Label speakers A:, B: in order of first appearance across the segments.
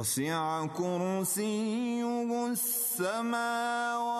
A: وسع كرسيه السماوات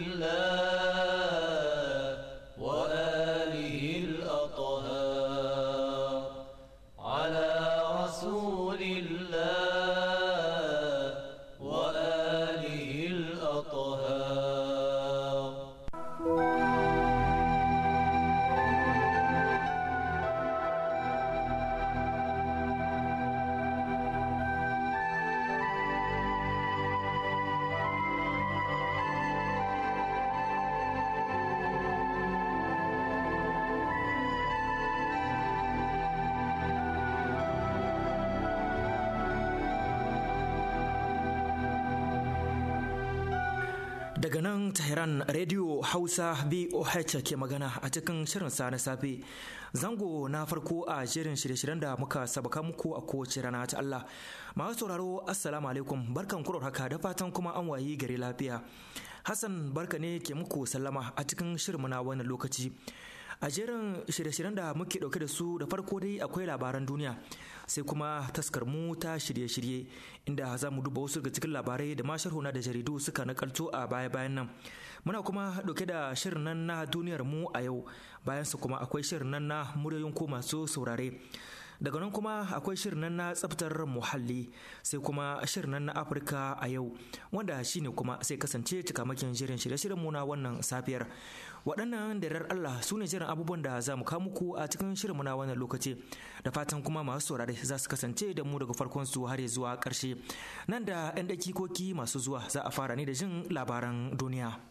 B: Radio Hausa VOH ke magana a cikin shirin sa na safe. Zango na farko a shirin shirye-shiryen da muka sabaka muku a kowace rana ta Allah. Masu sauraro Assalamu alaikum barkan kurar haka da fatan kuma an wayi gari lafiya. Hassan barka ne ke muku sallama a cikin shirin na wannan lokaci. a jerin shirye-shiryen da muke dauke da su da farko dai akwai labaran duniya sai kuma taskar mu ta shirye-shirye inda za mu duba wasu daga cikin labarai da ma sharhuna da jaridu suka nakalto a baya-bayan nan muna kuma dauke da shirin nan na duniyar mu a yau bayan su kuma akwai shirin nan na muryoyin ko masu saurare daga nan kuma akwai shirin na tsaftar muhalli sai kuma shirin na afirka a yau wanda shine kuma sai kasance cikamakin jirin shirye shirin muna wannan safiyar waɗannan da Allah su ne jiran abubuwan da za mu kawo muku a cikin shirin mu na wannan lokaci da fatan kuma masu saurare za su kasance da mu daga farkon su har zuwa ƙarshe nan da 'yan dakikoki masu zuwa za a fara ne da jin labaran duniya.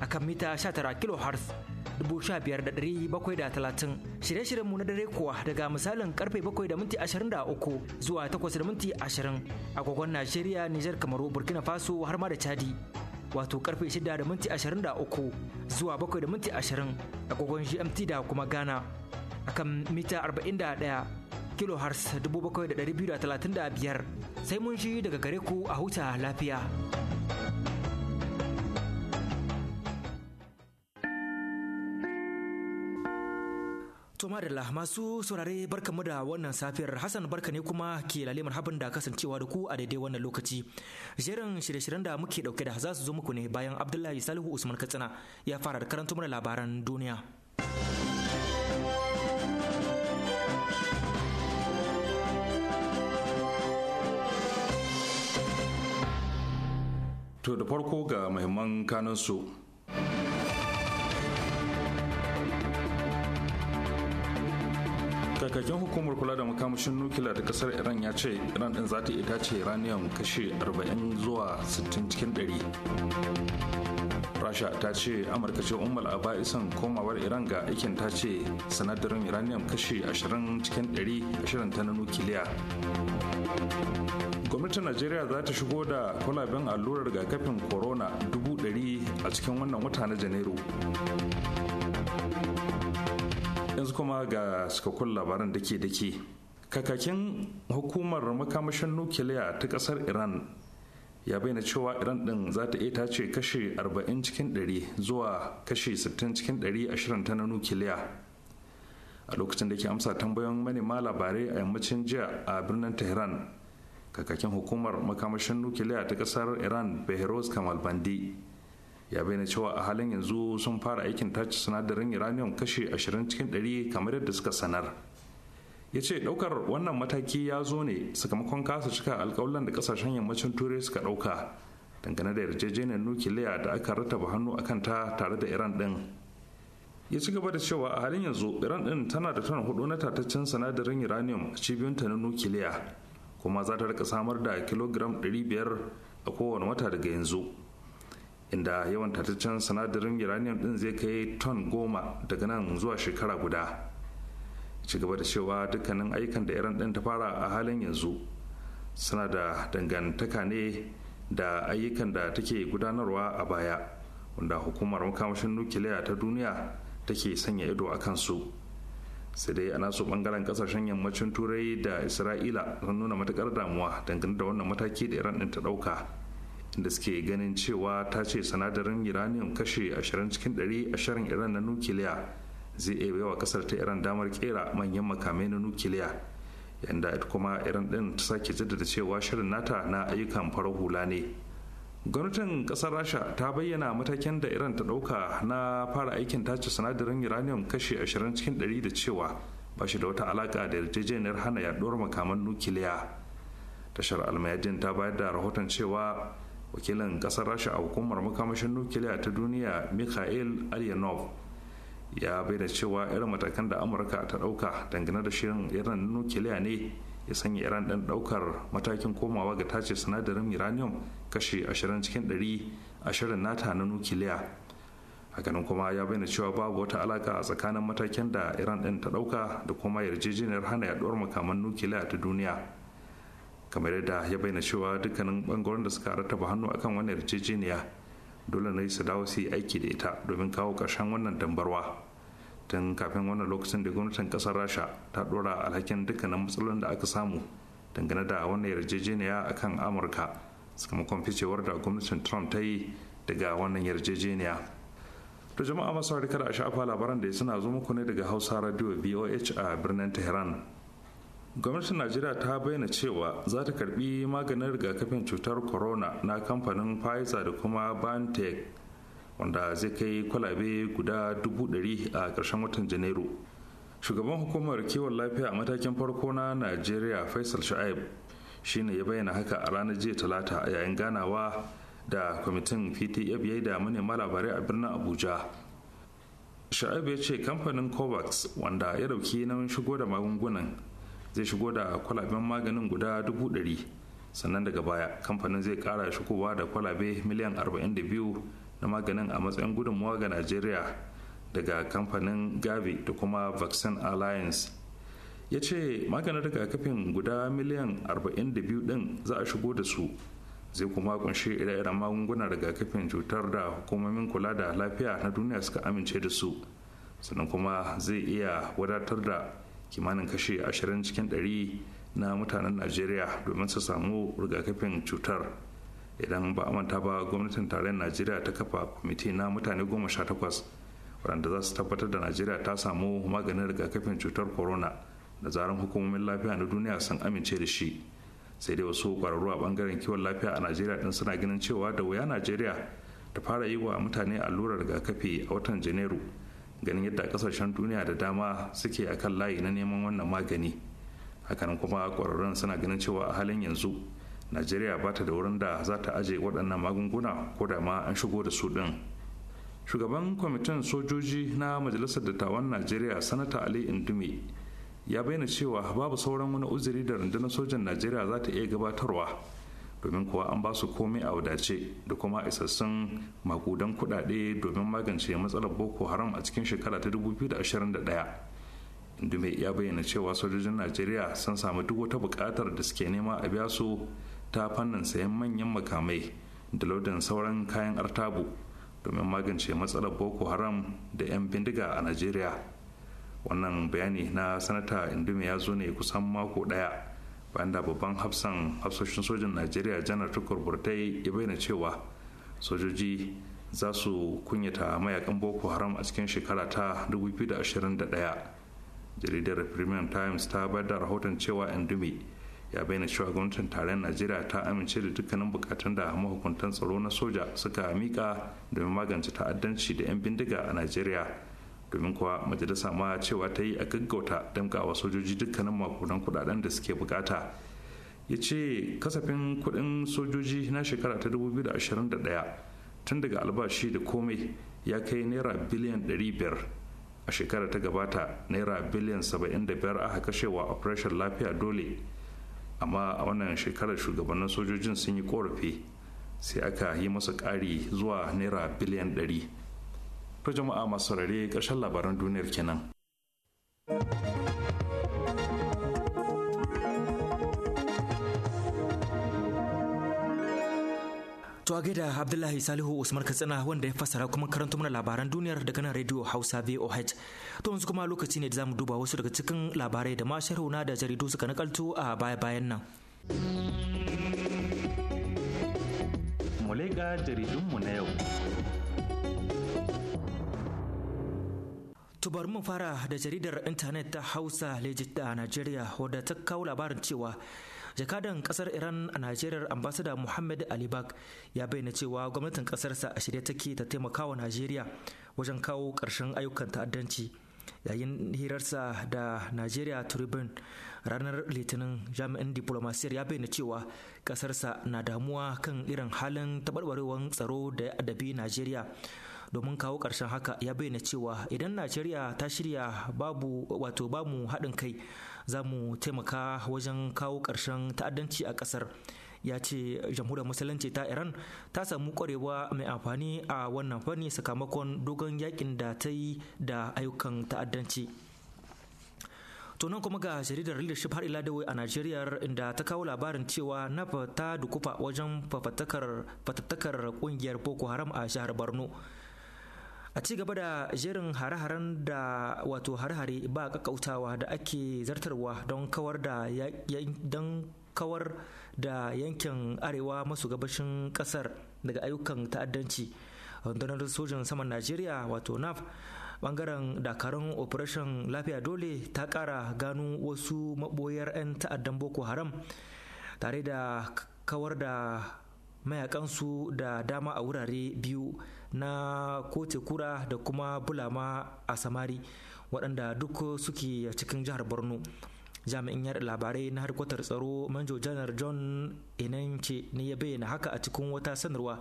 B: akan mita 19 da 15730 shirye-shiryenmu na dare kuwa daga misalin karfe bakwai da minti zuwa takwas da minti ashirin; agogon Najeriya, Nijar, Kamaru, Burkina Faso har ma da Chadi. Wato karfe shida da minti zuwa bakwai da minti ashirin; agogon GMT da kuma Ghana. Akan mita 41 da 7,235 sai mun shi daga gare ku a huta lafiya. To da masu saurare mu da wannan safiyar Hassan barka ne kuma ke lalimar habin da kasancewa da ku a daidai wannan lokaci. Jerin shirye-shiryen da muke dauke da za su zo muku ne bayan Abdullahi Salihu Usman Katsina ya fara da karanta mana labaran duniya.
C: To da farko ga muhimman kanansu. kakakin hukumar kula da makamashin nukila da kasar iran ya ce iran din za ta ita ce uranium kashe 40 zuwa 60 cikin 100 rasha ta ce amurka ce umar aba'isan komawar iran ga aikin ta ce sanadarin uranium kashe 20 cikin 100 ashirin ta na nukiliya gwamnatin najeriya za ta shigo da kwalaben allurar rigakafin corona 100 a cikin wannan wata na janairu yanzu kuma ga cikakkun labaran da ke da ke kakakin hukumar makamashin nukiliya ta kasar iran ya bayyana cewa iran din za ta iya tace kashe 40 cikin 100 zuwa kashe 60 cikin 100 a ta na nukiliya a lokacin da ke amsa tambayon manema labarai a yammacin jiya a birnin tehran kakakin hukumar makamashin nukiliya ta kasar iran behrouz kamal bandi ya bayyana cewa a halin yanzu sun fara aikin tace sinadarin uranium kashi 20 cikin 100 kamar yadda suka sanar ya ce daukar wannan mataki ya zo ne sakamakon kasa cika alkawalan da kasashen yammacin turai suka dauka dangane da yarjejeniyar nukiliya da aka rataba hannu a kanta tare da iran din ya ci gaba da cewa a halin yanzu iran din tana da tana hudu na tataccen sinadarin uranium a cibiyunta na nukiliya kuma za ta rika samar da kilogram 500 a kowane wata daga yanzu inda yawan tataccen sinadarin uranium din zai kai ton goma daga nan zuwa shekara guda ci gaba da cewa dukkanin ayyukan da iran din ta fara a halin yanzu suna da dangantaka ne da ayyukan da take gudanarwa a baya wanda hukumar makamashin nukiliya ta duniya take sanya ido a kansu sai dai a nasu bangaren kasashen yammacin turai da isra'ila sun nuna matukar damuwa dangane da wannan mataki da iran din ta dauka da suke ganin cewa ta ce sinadarin uranium kashe 20 cikin 100 a shirin iran na nukiliya zai iya wa kasar ta iran damar kera manyan makamai na nukiliya yadda kuma iran din ta sake jaddada cewa shirin nata na ayyukan farar hula ne gwamnatin kasar rasha ta bayyana matakin da iran ta dauka na fara aikin tace sinadarin uranium kashe 20 cikin 100 da cewa ba shi da wata alaka da yarjejeniyar hana yaduwar makaman nukiliya tashar almayadin ta bayar da rahoton cewa wakilin kasar rasha a hukumar makamashin nukiliya ta duniya mikhail alyanov ya bayyana cewa irin matakan da amurka ta dauka dangane da shirin iran nukiliya ne ya sanya iran ɗan daukar matakin komawa ga tace sinadarin uranium kashe 20 cikin 100 a shirin nata na nukiliya hakanan kuma ya bayyana cewa babu wata alaka a tsakanin matakin da iran ɗin ta dauka da kuma yarjejeniyar hana yaduwar makaman nukiliya ta duniya kamar yadda ya bayyana cewa dukkanin bangaren da suka rataba hannu akan wannan yarjejeniya dole ne su dawo su yi aiki da ita domin kawo ƙarshen wannan dambarwa tun kafin wannan lokacin da gwamnatin ƙasar rasha ta dora alhakin dukkanin matsalolin da aka samu dangane da wannan yarjejeniya akan amurka sakamakon ficewar da gwamnatin trump ta yi daga wannan yarjejeniya to jama'a masu harkar a shafa labaran da suna zo muku ne daga hausa radio voh a birnin tehran gwamnatin najeriya ta bayyana cewa za ta karbi maganin rigakafin cutar corona na kamfanin pfizer da kuma bantech wanda zai kai kwalabe guda dubu ɗari a ƙarshen watan janairu shugaban hukumar kiwon lafiya a matakin farko na najeriya faisal shi ne ya bayyana haka a ranar jiya talata a yayin ganawa da kwamitin ptf ya da manema labarai a birnin abuja sha'ib ya ce kamfanin covax wanda ya dauki nauyin shigo da magungunan zai shigo da kwalaben maganin guda dubu ɗari sannan daga baya kamfanin zai ƙara shigowa da kwalabe miliyan 42 na maganin a matsayin gudunmawa ga nigeria daga kamfanin gavi da kuma vaccine alliance ya ce maganin rigakafin guda miliyan 42 ɗin za a shigo da su zai kuma kunshi ire-iren magungunan rigakafin cutar da hukumomin kula da lafiya na duniya suka amince da su sannan kuma zai iya wadatar da kimanin kashe 20 cikin 100 na mutanen najeriya domin su samu rigakafin cutar idan ba manta ba gwamnatin tarayyar najeriya ta kafa kwamiti na mutane goma sha takwas waɗanda za su tabbatar da najeriya ta samu maganin rigakafin cutar corona da zaren hukumomin lafiya na duniya sun amince da shi sai dai wasu ƙwararru a bangaren kiwon lafiya a najeriya ɗin suna ganin cewa da wuya najeriya ta fara yi wa mutane allurar rigakafi a watan janairu ganin yadda kasashen duniya da dama suke a kan layi na neman wannan magani hakanan kuma kwararren suna ganin cewa a halin yanzu najeriya ba ta da wurin da za ta aje waɗannan magunguna ko da ma an shigo da su ɗin shugaban kwamitin sojoji na majalisar dattawan najeriya sanata ali indume ya bayyana cewa babu sauran wani uzuri da rundunar sojan najeriya za ta iya gabatarwa domin kuwa an ba su komai a wadace da kuma isassun makudan kudade domin magance matsalar boko haram a cikin shekara ta 2021 mai ya bayyana cewa sojojin najeriya sun samu duk wata bukatar da suke nema a biya su ta fannin sayan manyan makamai da lodin sauran kayan artabu domin magance matsalar boko haram da 'yan bindiga a najeriya wannan bayani na sanata indume ya zo ne kusan mako daya. bayan da babban hafsan hafsoshin sojin najeriya janar tukur burtai ya bayyana cewa sojoji za su kunyata mayakan boko haram a cikin shekara ta 2021 jaridar premium times ta bayar da rahoton cewa indumi ya bayyana cewa gwamnatin tarayyar najeriya ta amince da dukkanin bukatun da mahukuntan tsaro na soja suka mika domin magance ta'addanci da 'yan bindiga a najeriya domin kuwa majalisa ma cewa ta yi a gaggauta damgawa sojoji dukkanin makudan kudaden da suke bukata ya ce kasafin kudin sojoji na shekara ta 2021 tun daga albashi da komai ya kai naira biliyan 500 a shekara ta gabata naira biliyan 75 aka kashewa operation lafiya dole amma a wannan shekarar shugabannin sojojin sun yi korafi sai aka yi masa ƙari zuwa naira biliyan 100 to jama'a masu saurare ƙarshen labaran duniyar kenan.
B: To a gaida Abdullahi Salihu Usman Katsina wanda ya fasara kuma karanta mana labaran duniyar daga nan Radio Hausa VOH. To yanzu kuma lokaci ne da zamu duba wasu daga cikin labarai da ma sharhuna da jaridu suka nakalto a baya-bayan nan.
C: Mulega jaridunmu na yau. To
B: bari mu fara da jaridar intanet ta Hausa Legit a Najeriya wadda ta kawo labarin cewa jakadan kasar Iran a Najeriya ambasada Muhammad Ali Bak ya bayyana cewa gwamnatin kasarsa a shirye take ta taimakawa Najeriya wajen kawo ƙarshen ayyukan ta'addanci. Yayin hirarsa da Najeriya Tribune ranar Litinin jami'in diplomasiyar ya bayyana cewa kasarsa na damuwa kan irin halin tabarbarewar tsaro da adabi Najeriya. domin kawo ƙarshen haka ya bayyana cewa idan najeriya ta shirya babu wato bamu haɗin kai za mu taimaka wajen kawo ƙarshen ta'addanci a ƙasar ya ce jamhuriyar musulunci ta iran ta samu ƙwarewa mai amfani a wannan fanni sakamakon dogon yakin da ta yi da ayyukan ta'addanci to nan kuma ga jaridar leadership har ila dawai a nigeria inda ta kawo labarin cewa naf ta dukufa wajen fatattakar kungiyar boko haram a jihar borno a ci gaba da jerin hare-haren da wato hare-hare ba kakkautawa da ake zartarwa don kawar da don kawar da yankin arewa masu gabashin kasar daga ayyukan ta'addanci rundunar sojan saman najeriya wato naf bangaren dakarun operation lafiya dole ta kara gano wasu maboyar 'yan ta'addan boko haram tare da kawar da mayakansu da dama a wurare biyu na kote kura da kuma bulama a samari waɗanda duk suke cikin jihar borno jami'in yada labarai na harkotar tsaro manjo janar john ce ne ya bayyana haka a cikin wata sanarwa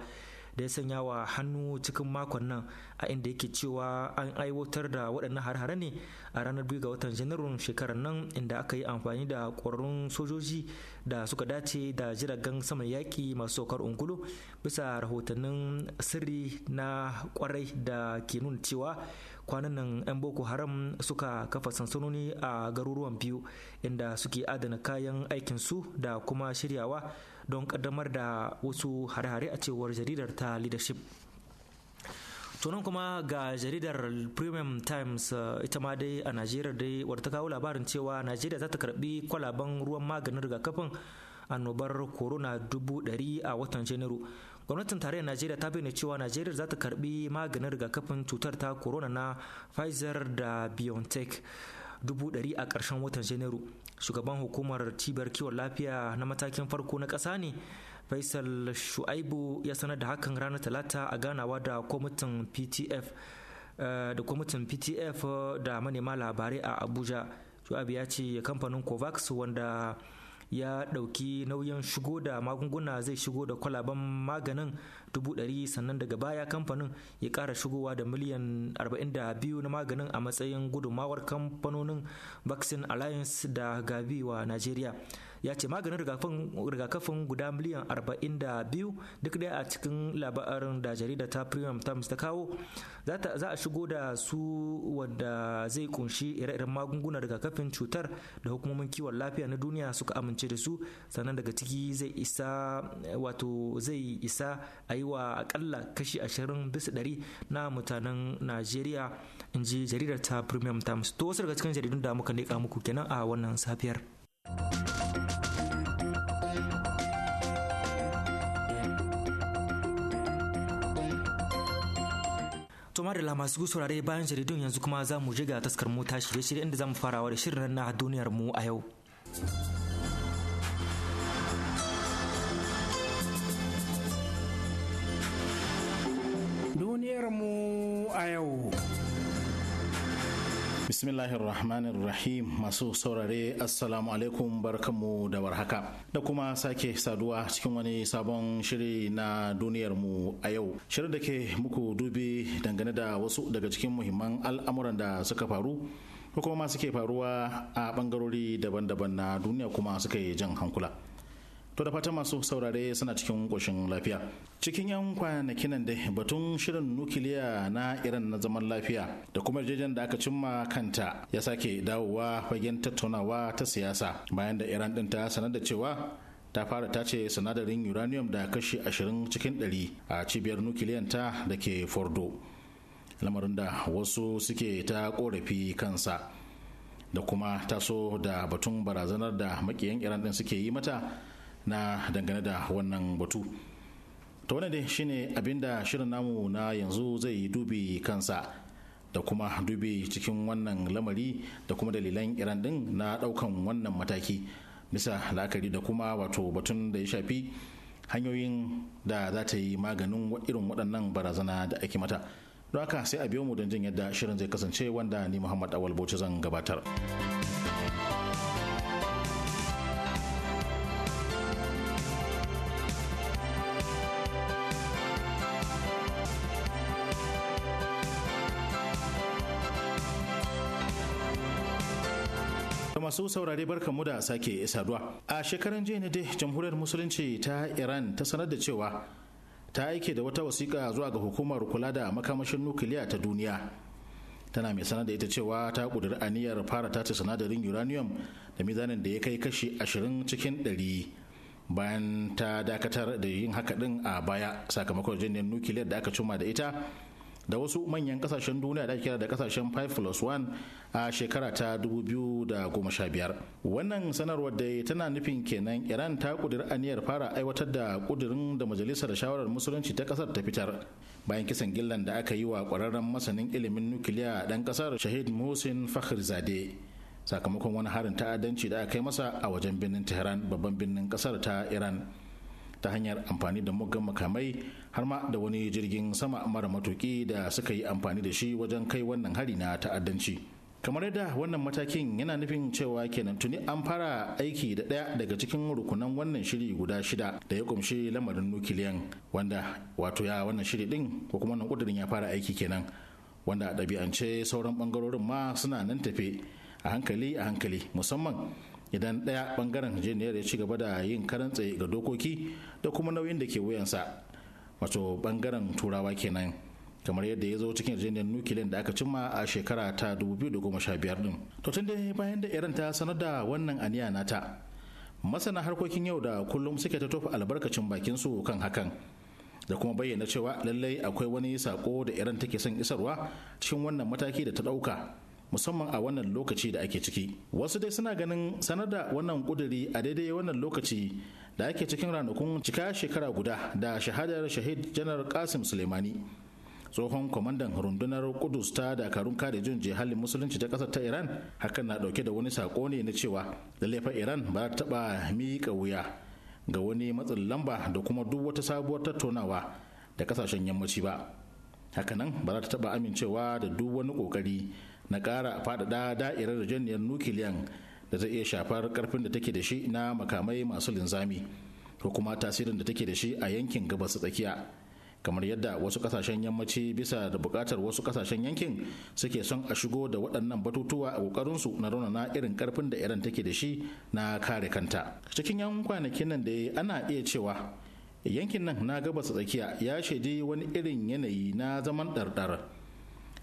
B: da ya sanya wa hannu cikin makon nan a inda yake cewa an aiwatar da waɗannan har-hare ne a ranar biyu ga watan janairun shekarar nan inda aka yi amfani da ƙwararrun sojoji da suka dace da jiragen saman yaƙi masu saukar ungulu bisa rahotannin sirri na ƙwarai da ke nuna cewa kwanan nan 'yan boko haram suka kafa sansanoni a garuruwan biyu inda suke adana kayan aikinsu da kuma shiryawa don kaddamar da wasu hare-hare a cewar jaridar ta leadership tunan kuma ga jaridar premium times eh, ita ma dai a najeriya dai wadda ta kawo labarin cewa najeriya za ta karbi kwalaban ruwan maganin rigakafin annobar corona dubu dari a watan janairu gwamnatin tarayyar najeriya ta bayyana cewa najeriya za ta karbi maganin rigakafin cutar ta corona na pfizer da biontech dubu dari a karshen watan janairu shugaban hukumar cibiyar kiwon lafiya na matakin farko na ƙasa ne faisal shu'aibu ya sanar da hakan ranar talata a ganawa da kwamitin ptf eh, da kwamitin ptf eh, da manema labarai a abuja shu'aibu ya ce kamfanin covax wanda ya ɗauki nauyin shigo da magunguna zai shigo da kwalaben maganin dubu ɗari sannan daga baya kamfanin ya ƙara shigowa da miliyan 42 na maganin a matsayin gudunmawar kamfanonin vaccine alliance da gabi wa najeriya ya ce maganin rigakafin guda miliyan 42 duk dai a cikin labarin da jarida ta premium times ta kawo za a shigo da su wadda zai kunshi ire-iren magungunan rigakafin cutar da hukumomin kiwon lafiya na duniya suka amince da su sannan daga ciki zai isa wato zai isa a yi wa akalla kashi 20 bisa ɗari na mutanen najeriya in ji jaridar ta premium times to wasu daga cikin jaridun da muka nika muku kenan a wannan safiyar. madalla masu saurare bayan jaridun yanzu kuma za mu jiga taskar mota shirye-shirye inda za mu farawa da shirin na duniyar mu a yau.
D: Duniyar mu a yau. bismillahir masu saurare assalamu alaikum barkanmu da warhaka da kuma sake saduwa cikin wani sabon shiri na duniyarmu a yau shirin da ke muku dubi dangane da wasu daga cikin muhimman al'amuran da suka faru ko kuma suke faruwa a bangarori daban-daban na duniya kuma suka yi jan hankula To da fata masu saurare suna cikin ƙoshin lafiya. Cikin 'yan kwanakin nan dai batun shirin nukiliya na Iran na zaman lafiya da kuma jejen da aka cimma kanta ya sake dawowa fagen tattaunawa ta siyasa bayan da Iran ɗin ta sanar da cewa ta fara tace sinadarin uranium da kashi ashirin cikin 100 a cibiyar nukiliyanta da ke Fordo. Lamarin da wasu suke ta korafi kansa da kuma taso da batun barazanar da makiyan Iran ɗin suke yi mata na dangane da wannan batu ta wannan dai shine abinda shirin namu na yanzu zai yi dubi kansa da kuma dubi cikin wannan lamari da kuma dalilan iran din na daukan wannan mataki bisa la'akari da kuma wato batun da ya shafi hanyoyin da za ta yi maganin irin waɗannan barazana da ake mata don haka sai a biyo mu don jin yadda shirin zai kasance wanda ni muhammad awal bauchi zan gabatar. masu saurare barka mu da sake saduwa a shekaran jiya na dai jamhuriyar musulunci ta iran ta sanar da cewa ta aike da wata wasiƙa zuwa ga hukumar kula da makamashin nukiliya ta duniya tana mai sanar da ita cewa ta ƙudiri aniyar fara tace sinadarin uranium da mizanin da ya kai kashi ashirin cikin ɗari bayan ta dakatar da yin haka ɗin a baya sakamakon jinnin nukiliyar da aka cuma da ita da wasu manyan kasashen duniya da ake kira da kasashen 5 plus 1 a shekara ta 2015 wannan sanarwar da tana nufin kenan iran ta ƙudiri aniyar fara aiwatar da kudirin da majalisar shawarar musulunci ta kasar ta fitar bayan kisan gillan da aka yi wa kwararren masanin ilimin nukiliya dan kasar shahid musin zade sakamakon wani harin ta'addanci da aka yi masa a wajen birnin tehran babban birnin kasar ta iran ta hanyar amfani da muggan makamai har ma da wani jirgin sama mara matuki da suka yi amfani da shi wajen kai wannan hari na ta'addanci kamar yadda wannan matakin yana nufin cewa kenan tuni an fara aiki da ɗaya daga cikin rukunan wannan shiri guda shida da ya kumshi lamarin nukiliyan wanda wato ya wannan shiri din ko kuma wannan kudirin ya fara aiki kenan wanda a ɗabi'ance sauran ɓangarorin ma suna nan tafe a hankali a hankali musamman idan ɗaya bangaren jeniyar ya ci gaba da yin karan tsaye ga dokoki da kuma nauyin da ke wuyansa wato bangaren turawa kenan kamar yadda ya zo cikin yarjejeniyar nukiliyar da aka cimma a shekara ta 2015 din to tun dai bayan da iran ta sanar da wannan aniya nata masana harkokin yau da kullum suke ta tofa albarkacin bakin su kan hakan da kuma bayyana cewa lallai akwai wani sako da iran take son isarwa cikin wannan mataki da ta dauka musamman a wannan lokaci da ake ciki wasu dai suna ganin sanar da wannan kuduri a daidai wannan lokaci da ake cikin ranakun cika shekara guda da shahadar shahid janar kasim suleimani tsohon kwamandan rundunar kudus ta dakarun kare jin jihalin musulunci ta kasar ta iran hakan na dauke da wani sako ne na cewa da laifin iran ba ta taba miƙa wuya ga wani matsin lamba da kuma duk wata sabuwar tattaunawa da kasashen yammaci ba hakanan ba za ta taba amincewa da duk wani kokari na ƙara faɗaɗa da'irar janiyar nukiliyan da zai iya shafar karfin da take da shi na makamai masu linzami ko kuma tasirin da take da shi a yankin gabas tsakiya kamar yadda wasu kasashen yammaci bisa da bukatar wasu kasashen yankin suke son a shigo da waɗannan batutuwa a ƙoƙarinsu na raunana irin karfin da iran take da shi na kare kanta cikin yan kwanakin nan da ana iya cewa yankin nan na gabas tsakiya ya shaidi wani irin yanayi na zaman ɗarɗar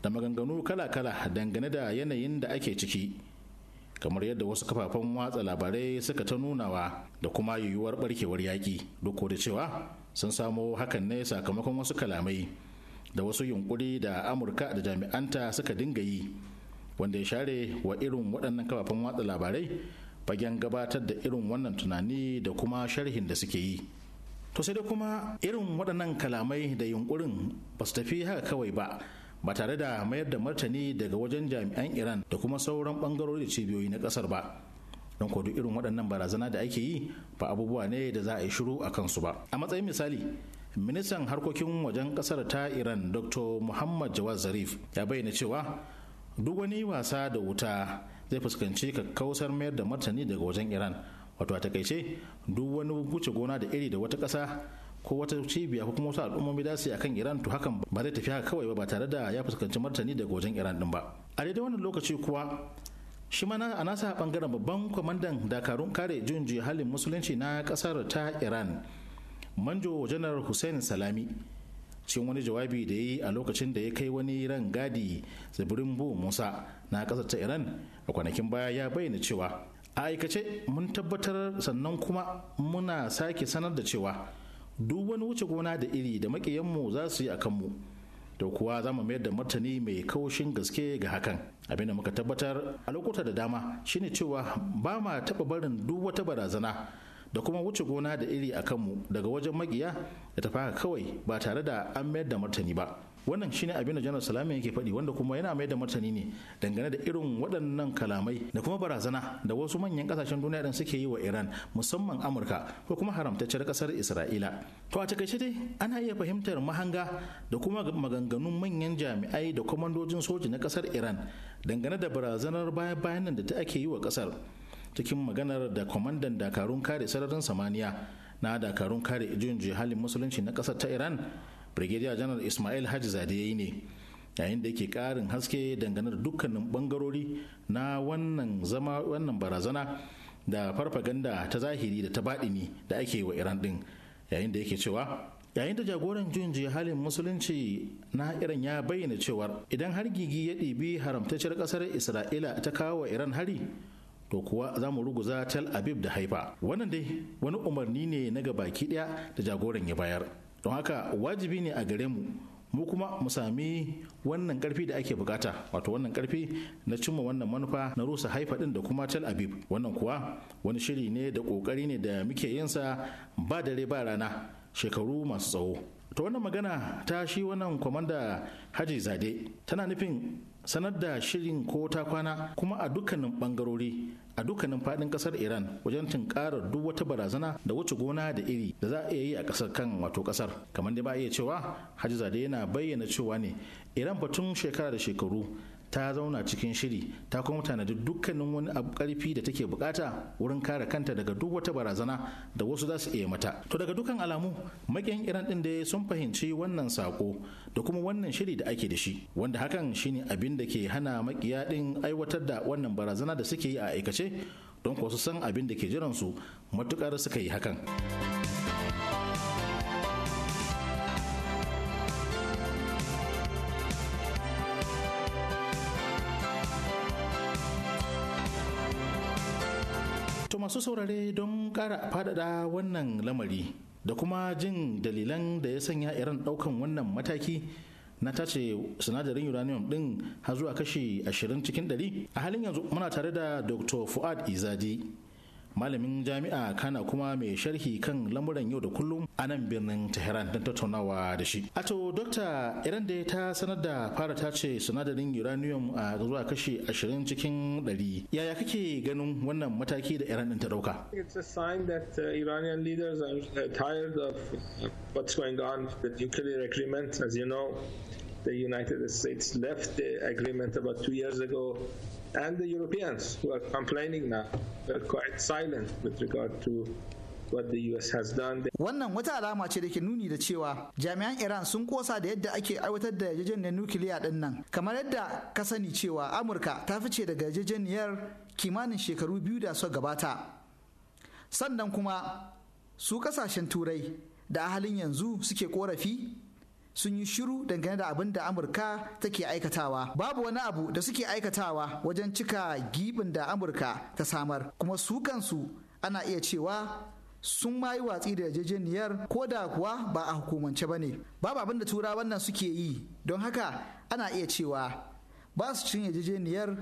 D: da maganganu kala-kala dangane da yanayin da ake ciki kamar yadda wasu kafafen watsa labarai suka ta nunawa da kuma yiwuwar barkewar yaƙi duk da cewa sun samo hakan ne sakamakon wasu kalamai da wasu yunkuri da amurka da jami'anta suka dinga yi wanda ya share wa irin waɗannan kafafen watsa labarai fagen gabatar da irin wannan tunani da kuma sharhin da suke yi to sai dai kuma irin waɗannan kalamai da yunkurin ba su tafi haka kawai ba ba tare da mayar da martani daga wajen jami'an iran da kuma sauran bangarori da cibiyoyi na kasar ba don kodu irin waɗannan barazana da ake yi ba abubuwa ne da za a yi shiru a kansu ba a matsayin misali ministan harkokin wajen kasar ta iran dr muhammad jawad zarif ya bayyana cewa duk wani wasa da wuta zai fuskanci kakkausar mayar da martani daga wajen iran wato a takaice duk wani wuce gona da iri da wata ƙasa ko wata cibiya ko kuma wasu al'ummomi da su yi akan iran to hakan ba zai tafi haka kawai ba ba tare da ya fuskanci martani daga wajen iran din ba a daidai wannan lokaci kuwa shi mana a nasa bangaren babban kwamandan dakarun kare juyin halin musulunci na kasar ta iran manjo janar hussein salami cikin wani jawabi da ya yi a lokacin da ya kai wani ran gadi tsibirin bu musa na kasar ta iran a kwanakin baya ya bayyana cewa a aikace mun tabbatar sannan kuma muna sake sanar da cewa duk wani wuce gona da iri da makiyanmu za su yi a kanmu da kuwa za mu mayar da martani mai kaushin gaske ga hakan abin da muka tabbatar a lokuta da dama shine cewa ba ma taɓa barin duk wata barazana da kuma wuce gona da iri a kanmu daga wajen magiya da ta fara kawai ba tare da an mayar da martani ba wannan shine abin da janar salami yake faɗi wanda kuma yana mai da martani ne dangane da irin waɗannan kalamai da kuma barazana da wasu manyan ƙasashen duniya ɗin suke yi wa iran musamman amurka ko kuma haramtacciyar ƙasar isra'ila to a takaice dai ana iya fahimtar mahanga da kuma maganganun manyan jami'ai da kwamandojin soji na ƙasar iran dangane da barazanar baya-bayan nan da ta ake yi wa ƙasar cikin maganar da kwamandan dakarun kare sararin samaniya na dakarun kare juyin halin musulunci na ƙasar ta iran brigadier janar ismail haji zade ya yi ne yayin da yake karin haske dangane da dukkanin bangarori na wannan zama wannan barazana da farfaganda ta zahiri da ta baɗini da ake wa iran din yayin da yake cewa yayin da jagoran juyin halin musulunci na iran ya bayyana cewar idan har gigi ya ɗibi haramtacciyar ƙasar isra'ila ta kawo wa iran hari to kuwa za mu ruguza tal abib da haifa wannan dai wani umarni ne na gabaki ɗaya da jagoran ya bayar don haka wajibi ne a gare mu mu kuma mu sami wannan karfi da ake bukata wato wannan karfi na cimma wannan manufa na rusa haifa din da kuma tel aviv wannan kuwa wani shiri ne da kokari ne da muke yinsa ba dare ba rana shekaru masu tsawo to wannan magana ta shi wannan kwamanda haji zade tana nufin sanar da shirin ko ta kwana kuma a dukkanin bangarori a dukkanin fadin kasar iran wajen tunkarar duk wata barazana da wuce gona da iri da za a iya yi a kasar kan wato kasar kamar da ba iya cewa hajji zade yana bayyana cewa ne iran batun shekara da shekaru ta zauna cikin shiri ta kuma tanadi dukkanin wani abu karfi da take bukata wurin kare kanta daga duk wata barazana da wasu za su iya mata to daga dukan alamu makiyan iran din da sun fahimci wannan sako da kuma wannan shiri da ake da shi wanda hakan shine abin da ke hana makiya din aiwatar da wannan barazana da suke yi a aikace don kuwa su san abin da ke jiran jiransu matukar suka yi hakan. To masu saurare don ƙara faɗaɗa wannan lamari da kuma jin dalilan da ya sanya Iran ɗaukan wannan mataki na tace sinadarin uranium ɗin har zuwa kashi 20 cikin 100 a halin yanzu muna tare da Dr. Fuad Izadi malamin jami'a kana kuma mai sharhi kan lamuran yau da kullum a nan birnin tehran don tattaunawa da shi ato dokta iran da ta sanar da fara ta ce sinadarin uranium a zuwa kashi ashirin cikin ɗari. yaya kake ganin wannan mataki da iran din ta dauka
E: it's a sign that uh, iranian leaders are uh, tired of what's going on the nuclear agreement as you know the united states left the agreement about two years ago and the Europeans who are complaining now. are quite
F: silent with regard to what the US has done. Wannan wata alama ce da ke nuni da cewa jami'an Iran sun kosa da yadda ake aiwatar da yarjejeniyar nukiliya din nan. Kamar yadda ka sani cewa Amurka ta fice daga yarjejeniyar kimanin shekaru biyu da suka gabata. Sannan kuma su kasashen turai da a halin yanzu suke korafi sun yi shiru dangane da abin da amurka take aikatawa babu wani abu da suke aikatawa wajen cika gibin da amurka ta samar kuma su kansu ana iya cewa sun ma yi watsi da yarjejeniyar ko da kuwa ba a hukumance ba ne babu abin da tura wannan suke yi don haka ana iya cewa ba su cin yarjejeniyar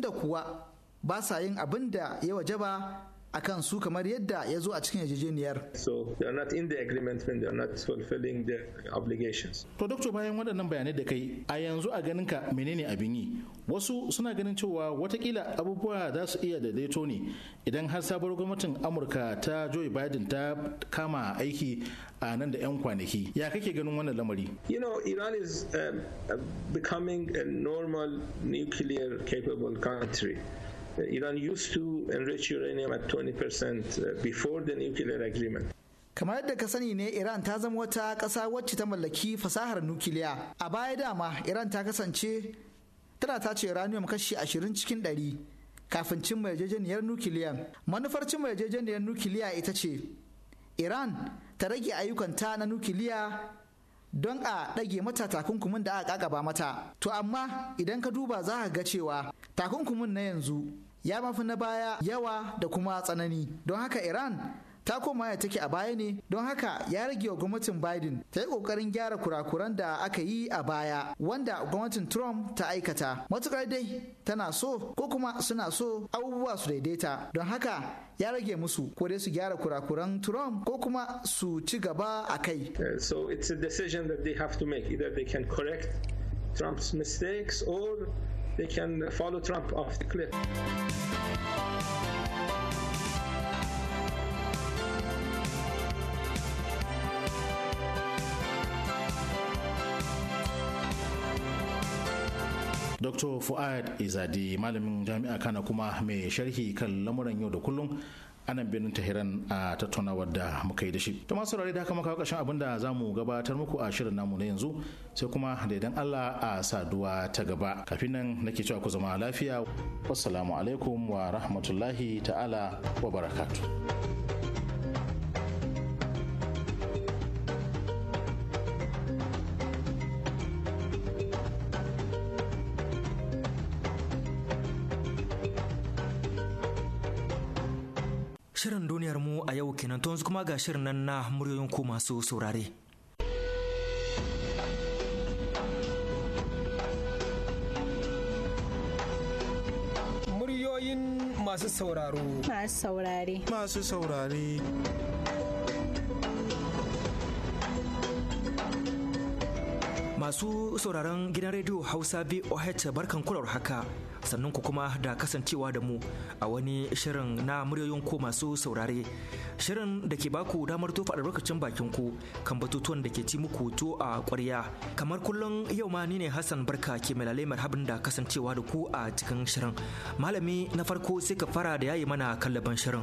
F: da kuwa ba sa yin abin da ya ba. akan su kamar yadda ya zo a cikin yajejeniyar. So
E: they are not in the agreement when they are not fulfilling their obligations.
D: To Dr. bayan waɗannan bayanai da kai a yanzu a ganin ka menene abin yi? Wasu suna ganin cewa watakila abubuwa za su iya daidaito ne idan har sabuwar gwamnatin Amurka ta Joe Biden ta kama aiki a nan da 'yan kwanaki. Ya kake ganin wannan lamari?
E: You know, Iran is um, becoming a normal nuclear capable country. Iran used to enrich uranium at 20% uh, before the nuclear agreement.
F: kamar yadda ka sani ne iran ta zama wata ƙasa wacce ta mallaki fasahar nukiliya a baya dama iran ta kasance tana tace uranium kashi 20 cikin 100 kafin cin yarjejeniyar nukiliya manufar cin yarjejeniyar nukiliya ita ce iran ta rage ayyukanta na nukiliya don a ɗage mata takunkumin da aka ƙaƙaba mata to amma idan ka duba za ka ga cewa takunkumin na yanzu ya mafi na baya yawa da kuma tsanani don haka iran ta koma ya take a baya ne don haka ya rage wa gwamnatin Biden ta yi kokarin gyara kurakuran da aka yi a baya wanda gwamnatin Trump ta aikata matukar dai tana so ko kuma suna so abubuwa su daidaita don haka ya rage musu ko dai su gyara kurakuran Trump ko kuma su ci gaba a kai uh, so it's a decision that they have to make either they can correct Trump's mistakes
E: or they can follow Trump off the cliff
D: dr fuad izadi malamin jami'a kana kuma mai sharhi kan lamuran yau da kullum anan birnin tahiran a tattaunawar da muka yi da shi to masu da haka muka ƙarshen abin da za mu gabatar muku a shirin namu na yanzu sai kuma da idan allah a saduwa ta gaba kafin nan nake cewa ku zama lafiya wassalamu alaikum wa rahmatullahi ta'ala wa barakatu.
B: Shirin duniyar mu a yau kenan to yanzu kuma ga shirin nan na muryoyin ku masu saurare.
G: Muryoyin masu sauraro.
H: Masu saurare.
G: Masu saurare.
B: Masu sauraron gidan rediyo Hausa BOH barkan kular haka. sannan ku kuma da kasancewa da mu a wani shirin na muryoyin ko masu saurare shirin da ke baku damar tofa albarkacin bakin ku kan batutuwan da ke ci muku to a ƙwarya kamar kullum yau ma ni ne Hassan Barka ke malalai marhabin da kasancewa da ku a cikin shirin malami na farko sai ka fara da yayi mana kallaban shirin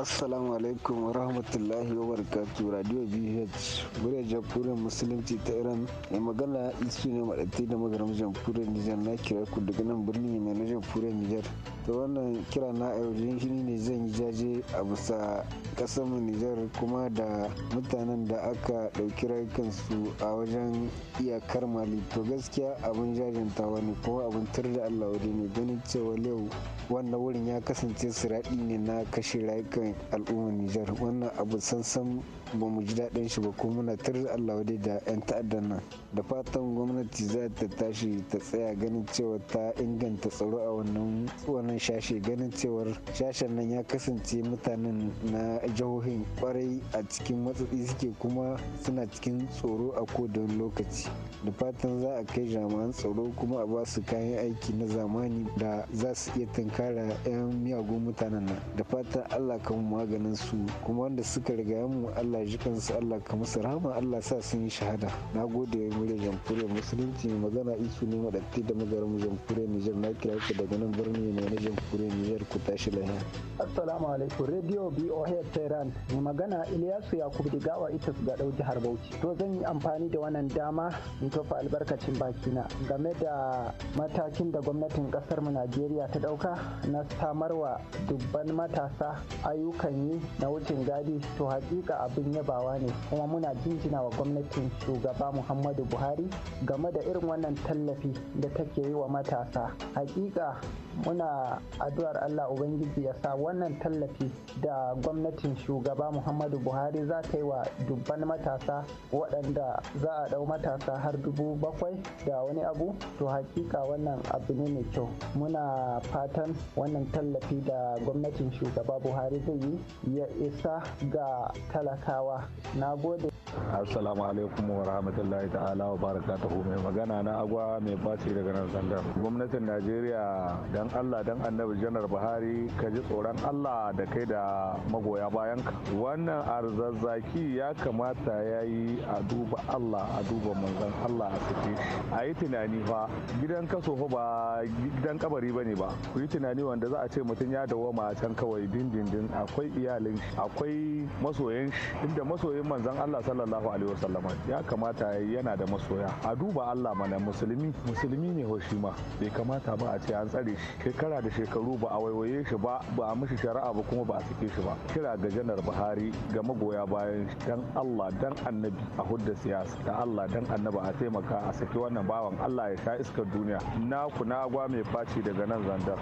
I: assalamu alaikum wa rahmatullahi wa barakatuh radio BH muryar jamhuriyar musulunci ta Iran mai magana isu ne madatai da magaram jamhuriyar Nijar na kira ku daga nan birni mai na furen nijar to wannan kira na ayyukan shi ne zan yi jaje a bisa kasar nijar kuma da mutanen da aka ɗauki rayukansu a wajen iyakar mali to gaskiya abin jajantawa ne kuma abin tur da allah wuri ne ganin cewa yau wannan wurin ya kasance siraɗi ne na kashe rayukan al'ummar nijar wannan abu sansan ba mu ji daɗin shi ba ko muna tar Allah wadai da 'yan ta'addan nan da fatan gwamnati za ta tashi ta tsaya ganin cewa ta inganta tsaro a wannan wannan shashe ganin cewar shashen nan ya kasance mutanen na jihohin kwarai a cikin matsatsi suke kuma suna cikin tsoro a kodon lokaci da fatan za a kai jami'an tsaro kuma a ba su kayan aiki na zamani da za su iya tunkara 'yan miyagun mutanen nan da fatan Allah kan maganin su kuma wanda suka riga mu Allah Allah ji kansu Allah ka musu rahama Allah sa sun yi shahada na gode wa muryar jamhuriyar musulunci magana isu ne madatti da magarin jamhuriyar Nijar na kira ku daga nan birni ne na jamhuriyar Nijar ku tashi lahiya
G: assalamu alaikum radio BOH Tehran mai magana Ilyasu Yakubu Digawa ita su ga dau jihar Bauchi to zan yi amfani da wannan dama in tofa albarkacin bakina game da matakin da gwamnatin kasar mu Najeriya ta dauka na samarwa dubban matasa ayyukan yi na wucin gadi to hakika abin yabawa ne kuma muna jinjina wa gwamnatin shugaba muhammadu buhari game da irin wannan tallafi da take yi wa matasa hakika muna addu'ar allah ubangiji ya sa wannan tallafi da gwamnatin shugaba muhammadu buhari za ta yi wa dubban matasa waɗanda za a ɗau matasa har dubu bakwai da wani abu to hakika wannan abu ne mai kyau muna fatan wannan tallafi da gwamnatin shugaba buhari zai yi ya isa ga talakawa karantawa. Na gode.
E: assalamu alaikum wa rahmatullahi ta'ala wa barakatuhu mai magana na agwa mai baci daga nan zandar gwamnatin najeriya dan allah dan annabi janar buhari ka ji tsoron allah da kai da magoya bayanka wannan arzazzaki ya kamata ya yi a duba allah a duba manzan allah a suke a yi tunani fa gidan kaso ba gidan kabari ba ne ba ku yi tunani wanda za a ce mutum ya dawoma a can kawai dindindin akwai iyalin akwai masoyin inda masoyin manzan allah sallallahu sallallahu alaihi sallama ya kamata yana da masoya a duba Allah mana musulmi musulmi ne shi ma bai kamata ba a ce an tsare shi shekara da shekaru ba a waiwaye shi ba ba a mishi shari'a ba kuma ba a sake shi ba kira ga janar Buhari ga magoya bayan dan Allah dan annabi a hudda siyasa da Allah dan annabi a taimaka a saki wannan bawan Allah ya sha iskar duniya na kuna gwa mai faci daga nan zandar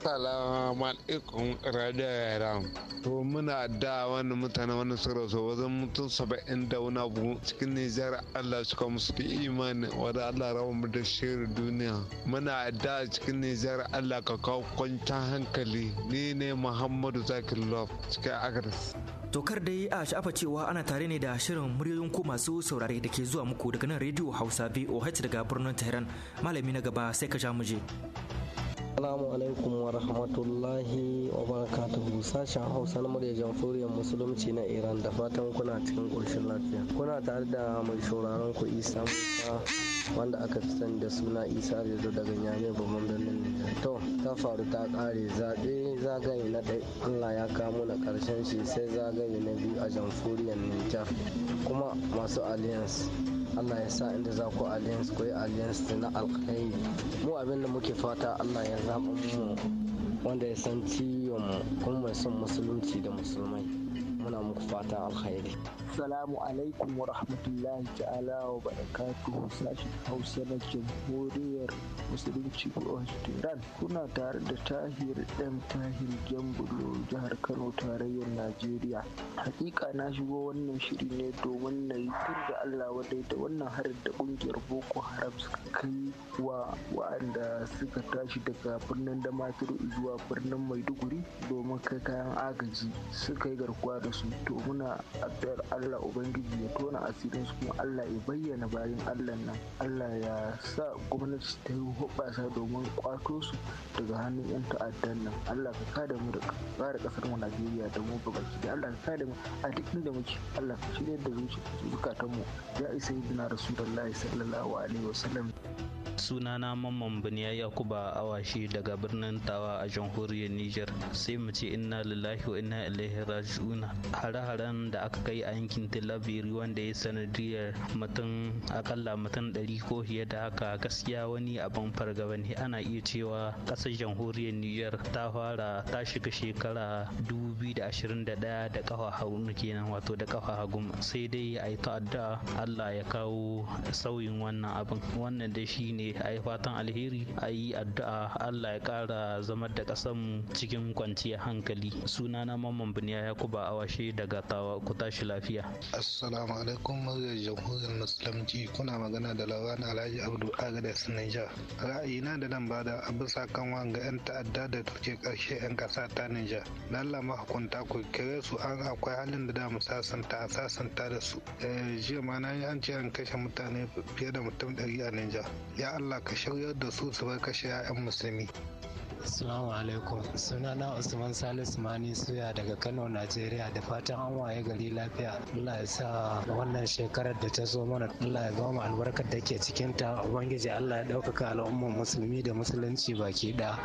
G: Assalamu alaikum radio Yaram.
E: To muna da wani mutane wani tsoro so wajen mutum saba'in da wani abu cikin Nijar Allah suka musu da imani wadda Allah rawa mu da shirin duniya. Muna da cikin Nijar Allah ka kawo kwanciyar hankali ni ne Muhammadu
B: Zakir Love cikin Agnes. Tokar dai a sha'afa cewa ana tare ne da shirin muryoyin ku masu saurare da ke zuwa muku daga nan rediyo Hausa VOH daga birnin Tehran. Malami na gaba sai ka sha muje.
J: Assalamu alaikum wa rahmatullahi wa barakatuhu sashen Hausa na murya jamhuriyar musulunci na Iran da fatan kuna cikin ƙoshin lafiya. Kuna tare da mai shauraron ku Isa Musa wanda aka fi sani da suna Isa Rezo daga Nyame babban birnin Nijar. To, ta faru ta ƙare zaɓe zagaye na ɗai Allah ya kamo na ƙarshen shi sai zagaye na biyu a jamhuriyar Nijar kuma masu alliance Allah ya sa inda za ku alliance ku yi alliance na alkhairi mu abinda muke fata Allah ya zaɓa mu wanda ya san ciwon mu kuma mai son musulunci da musulmai muna muku fata alkhairi Salamu alaikum wa rahmatullahi ta'ala wa barakatu sashen Hausa na jamhuriyar Musulunci Burundi Iran kuna tare da Tahir ɗan Tahir Jambulo jihar Kano tarayyar Najeriya. Hakika na shigo wannan shiri ne domin na yi tun da Allah wadai da wannan harin da ƙungiyar Boko Haram suka kai wa wa'anda
G: suka tashi daga birnin Damaturu zuwa birnin Maiduguri domin kai kayan agaji suka yi garkuwa da da su to muna addu'ar Allah ubangiji ya tona asirin su kuma Allah ya bayyana bayan Allah nan Allah ya sa gwamnati ta yi hoɓɓasa domin kwato su daga hannun yan ta'addan nan Allah ka kada mu da bare kasar mu
F: Najeriya da mu ba da Allah ka kada mu a duk inda muke Allah ka shirya da zukatan
J: mu ya isa yi bina rasulullahi sallallahu alaihi wasallam
B: sunana mamman biniya yakuba awashi daga birnin tawa a jamhuriyar niger sai mu ce inna lillahi wa inna ilaihi raji'una hare-haren da aka kai a yankin tilabiri wanda ya sanadiyar mutum akalla mutum ɗari ko fiye da haka gaskiya wani abin fargaba ne ana iya cewa ƙasar jamhuriyar niger ta fara ta shiga shekara 2021 da ƙafa haunu kenan wato da ƙafa hagun sai dai a yi ta'adda
J: allah ya kawo sauyin wannan abin wannan shi shine a yi fatan alheri a yi addu'a allah ya ƙara zama da ƙasar cikin kwanciyar hankali sunana
B: mamman biniya yakuba awa Malumfashi daga Tawa ku tashi lafiya.
G: Assalamu alaikum muryar jamhuriyar Musulunci kuna magana da Lawan Alhaji Abdu Agadas Niger. Ra'ayina da nan bada a bisa kan wanga 'yan ta'adda da tuke ƙarshe 'yan kasa ta Niger. Na Allah hukunta ku kire su an akwai halin da damu mu sasanta a sasanta da su. Eh, jiya ma
I: na yi an ce an kashe mutane fiye da mutum ɗari a Niger. Ya Allah ka shiryar da su su bar kashe 'ya'yan musulmi.
J: Assalamu alaikum. Sunana Usman Salisu Mani Suya daga Kano, Najeriya da fatan an waye gari lafiya. Allah ya sa wannan shekarar da ta zo mana Allah ya ba mu albarkar da ke cikin ta. Ubangiji Allah ya daukaka al'ummar musulmi da musulunci baki ɗaya.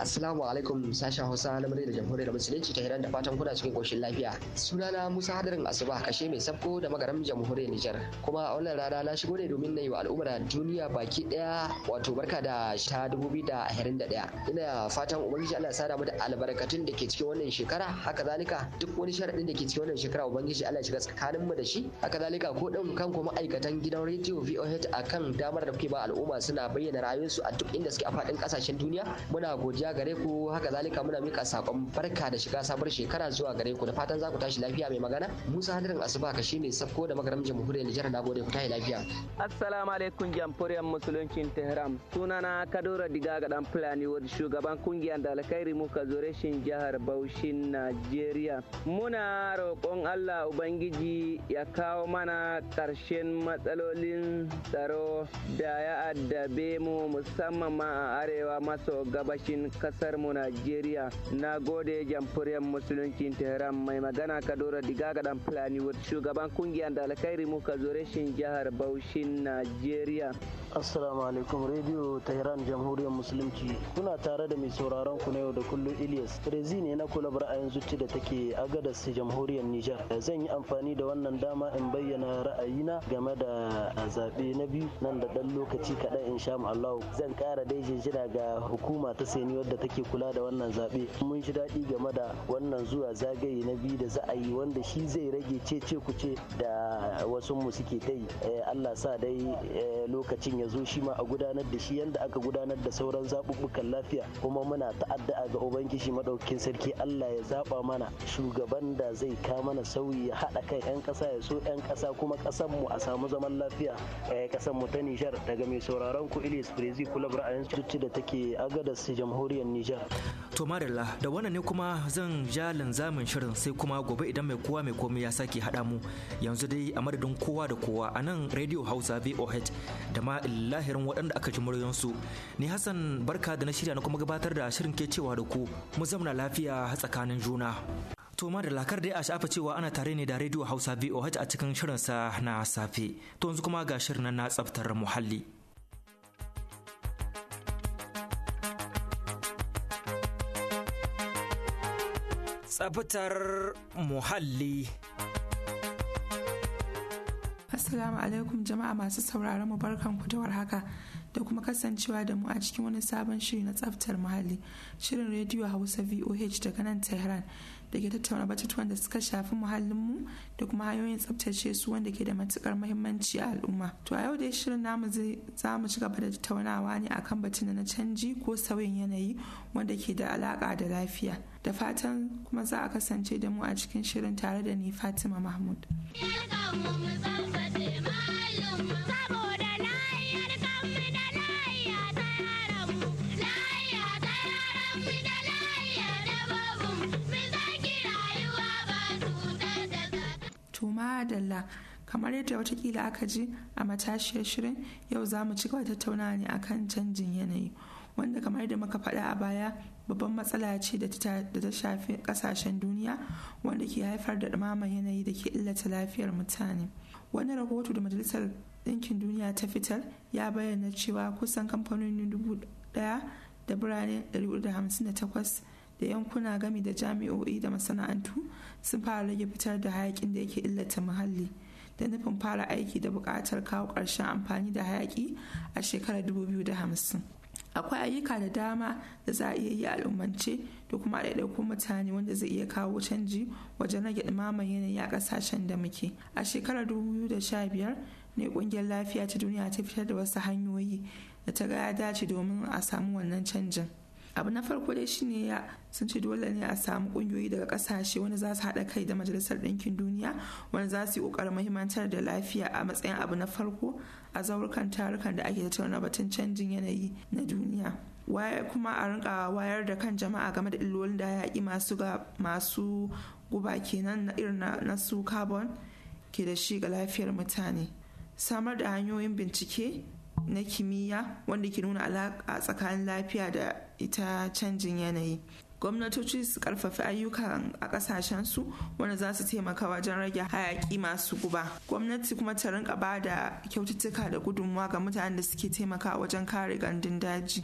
J: Assalamu alaikum sashen Hausa na da Jamhuriyar Musulunci ta Iran da fatan kuna cikin ƙoshin lafiya. Sunana Musa Hadarin Asuba kashe mai sabko da magaram Jamhuriyar Nijar. Kuma a wannan rana na shigo ne domin na yi wa al'ummar duniya baki daya wato barka da sha dubu da da Ina da fatan ubangiji Allah sada mu da albarkatun da ke cikin wannan shekara haka zalika duk wani sharadin da ke cikin wannan shekara ubangiji Allah shiga tsakanin mu da shi haka zalika ko din kan kuma ma'aikatan gidan rediyo VOH akan damar da kuke ba al'umma suna bayyana su a duk inda suke a fadin kasashen duniya muna godiya gare ku haka zalika muna mika sakon barka da shiga sabuwar shekara zuwa gare ku da fatan za ku tashi lafiya mai magana Musa Hadirin Asuba ka shine sabko da magaram jamhuriyar Nijar na gode ku tashi lafiya assalamu alaikum jamhuriyar Musulunci Tehran sunana Kadura Diga ga dan Fulani wani shugaban shugaban kungiyar da alkhairi muka rashin jihar Baushin Najeriya. Muna roƙon Allah Ubangiji ya kawo mana ƙarshen matsalolin tsaro da ya addabe mu musamman ma a arewa maso gabashin ƙasar mu Najeriya. Na gode jamhuriyar musuluncin Tehran mai magana Kadura Diga ga dan Fulani shugaban kungiyar da alkhairi muka zo jihar Baushin Najeriya. Assalamu alaikum Radio Tehran Jamhuriyar Musulunci. Kuna tare da mai sauraron ku na yau da kullum Ilyas. Rezi ne na kula ra'ayin zuci da take agadas Jamhuriyar Nijar. Zan yi amfani da wannan dama in bayyana ra'ayina game da zaɓe na biyu nan da ɗan lokaci kaɗan in sha Allah. Zan ƙara dai jinjina ga hukuma ta sani wadda take kula da wannan zaɓe. Mun ji daɗi game da wannan zuwa zagaye na biyu da za a yi wanda shi zai rage cece ce da wasu mu suke ta yi. Eh, Allah sa dai eh, lokacin ya zo shi ma a gudanar da shi yanda aka gudanar da sauran zaɓuɓɓukan lafiya kuma muna ta'adda ga ubangiji maɗaukin sarki Allah ya zaɓa mana shugaban da zai ka mana sauyi ya haɗa kan 'yan ƙasa ya so 'yan ƙasa kuma ƙasan mu a samu zaman lafiya a eh, ƙasan mu ta Nijar daga mai sauraron ku Ilyas Brezi kulab ra'ayin cutu da take agadas jamhuriyar Nijar.
B: To Marilla da wannan ne kuma zan ja linzamin shirin sai kuma gobe idan mai kowa mai komai ya sake haɗa mu yanzu dai a madadin kowa da kowa a nan Radio Hausa VOH da ma lahirin waɗanda aka ji muryansu ni hassan barka da na shirya na kuma gabatar da shirin ke cewa da ku mu zamna lafiya tsakanin juna To ma da lakar dai a shafa cewa ana tare ne da rediyo Hausa VOH a cikin shirinsa na safe. To yanzu kuma ga shirin na tsaftar muhalli. Tsaftar muhalli.
H: Assalamu alaikum jama'a masu sauraron mu barkan ku da warhaka da kuma kasancewa da mu a cikin wani sabon shiri na tsaftar muhalli shirin rediyo Hausa VOH daga nan Tehran da ke tattauna batutuwan da suka shafi muhallinmu da kuma hanyoyin tsabtace su wanda ke da matukar muhimmanci a al'umma. To a yau dai shirin namu za mu ci gaba da tattaunawa ne akan batun na canji ko sauyin yanayi wanda ke da alaka da lafiya. Da fatan kuma za a kasance da mu a cikin shirin tare da ni Fatima Mahmud. dalla kamar yadda watakila aka ji a matashiyar shirin yau za mu ci gaba tattaunawa ne akan canjin yanayi wanda kamar da muka faɗa a baya babban matsala ce da ta shafi ƙasashen duniya wanda ke haifar da ɗumama yanayi da ke illata lafiyar mutane wani rahoto da majalisar ɗinkin duniya ta fitar ya bayyana cewa kusan kamfanoni dubu ɗaya da birane 158 da yankuna gami da jami'o'i da masana'antu sun fara rage fitar da hayakin da yake illata muhalli da nufin fara aiki da buƙatar kawo ƙarshen amfani da hayaki a shekarar hamsin akwai ayyuka da dama da za a iya yi al'ummance da kuma a ɗaiɗaikun mutane wanda zai iya kawo canji wajen rage ɗumaman yanayi a ƙasashen da muke a shekarar sha biyar ne ƙungiyar lafiya ta duniya ta fitar da wasu hanyoyi da ta ga ya dace domin a samu wannan canjin abu na farko dai shine ya sun ce dole ne a samu kungiyoyi daga kasashe wanda za su haɗa kai da majalisar ɗinkin duniya wanda za su yi ƙoƙarin muhimmantar da lafiya a matsayin abu na farko a zaurukan tarukan da ake tattauna batun canjin yanayi na duniya kuma a rinka wayar da kan jama'a game da illolin da yaƙi masu masu guba kenan na irin na su carbon ke da shi ga lafiyar mutane samar da hanyoyin bincike na kimiyya wanda ke nuna alaƙa tsakanin lafiya da ita canjin yanayi gwamnatoci su karfafi ayyukan a kasashen su wanda za su taimaka wajen rage hayaki masu guba gwamnati kuma ta rinka ba da kyaututtuka da gudunmuwa ga mutanen da suke taimaka wajen kare gandun daji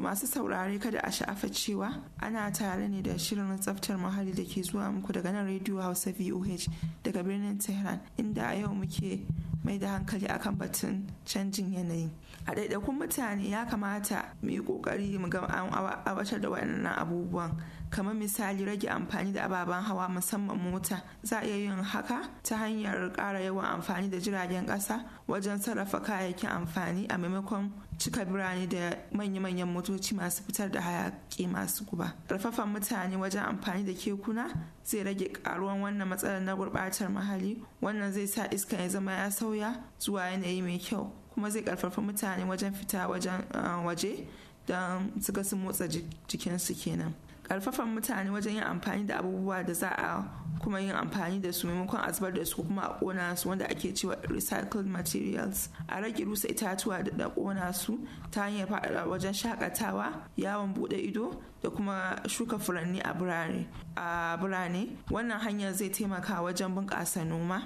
H: masu saurare kada a sha'afa cewa ana tare ne da shirin tsaftar muhalli da ke zuwa muku daga nan rediyo Hausa VOH daga birnin Tehran inda a yau muke mai da hankali akan batun canjin yanayi. A ɗaiɗaikun mutane ya kamata mu yi ƙoƙari mu ga an awatar da waɗannan abubuwan. kamar misali rage amfani da ababen hawa musamman mota za a iya yin haka ta hanyar ƙara yawan amfani da jiragen ƙasa wajen sarrafa kayayyakin amfani a maimakon cika birane da manya-manyan motoci masu fitar da hayaƙi masu guba rafafan mutane wajen amfani da kekuna zai rage karuwan wannan matsalar na gurɓatar mahalli wannan zai sa iska ya zama ya sauya zuwa yanayi mai kyau kuma zai karfafa mutane wajen fita wajen eh, waje don suka su motsa jikinsu kenan karfafa mutane wajen yin amfani da abubuwa da za a kuma yin amfani da su maimakon a zubar da su kuma a kona su wanda ake cewa recycled materials a rage rusa itatuwa da da kona su ta hanyar faɗaɗa wajen shakatawa yawon buɗe ido da kuma shuka furanni a birane a birane wannan hanyar zai taimaka wajen bunƙasa noma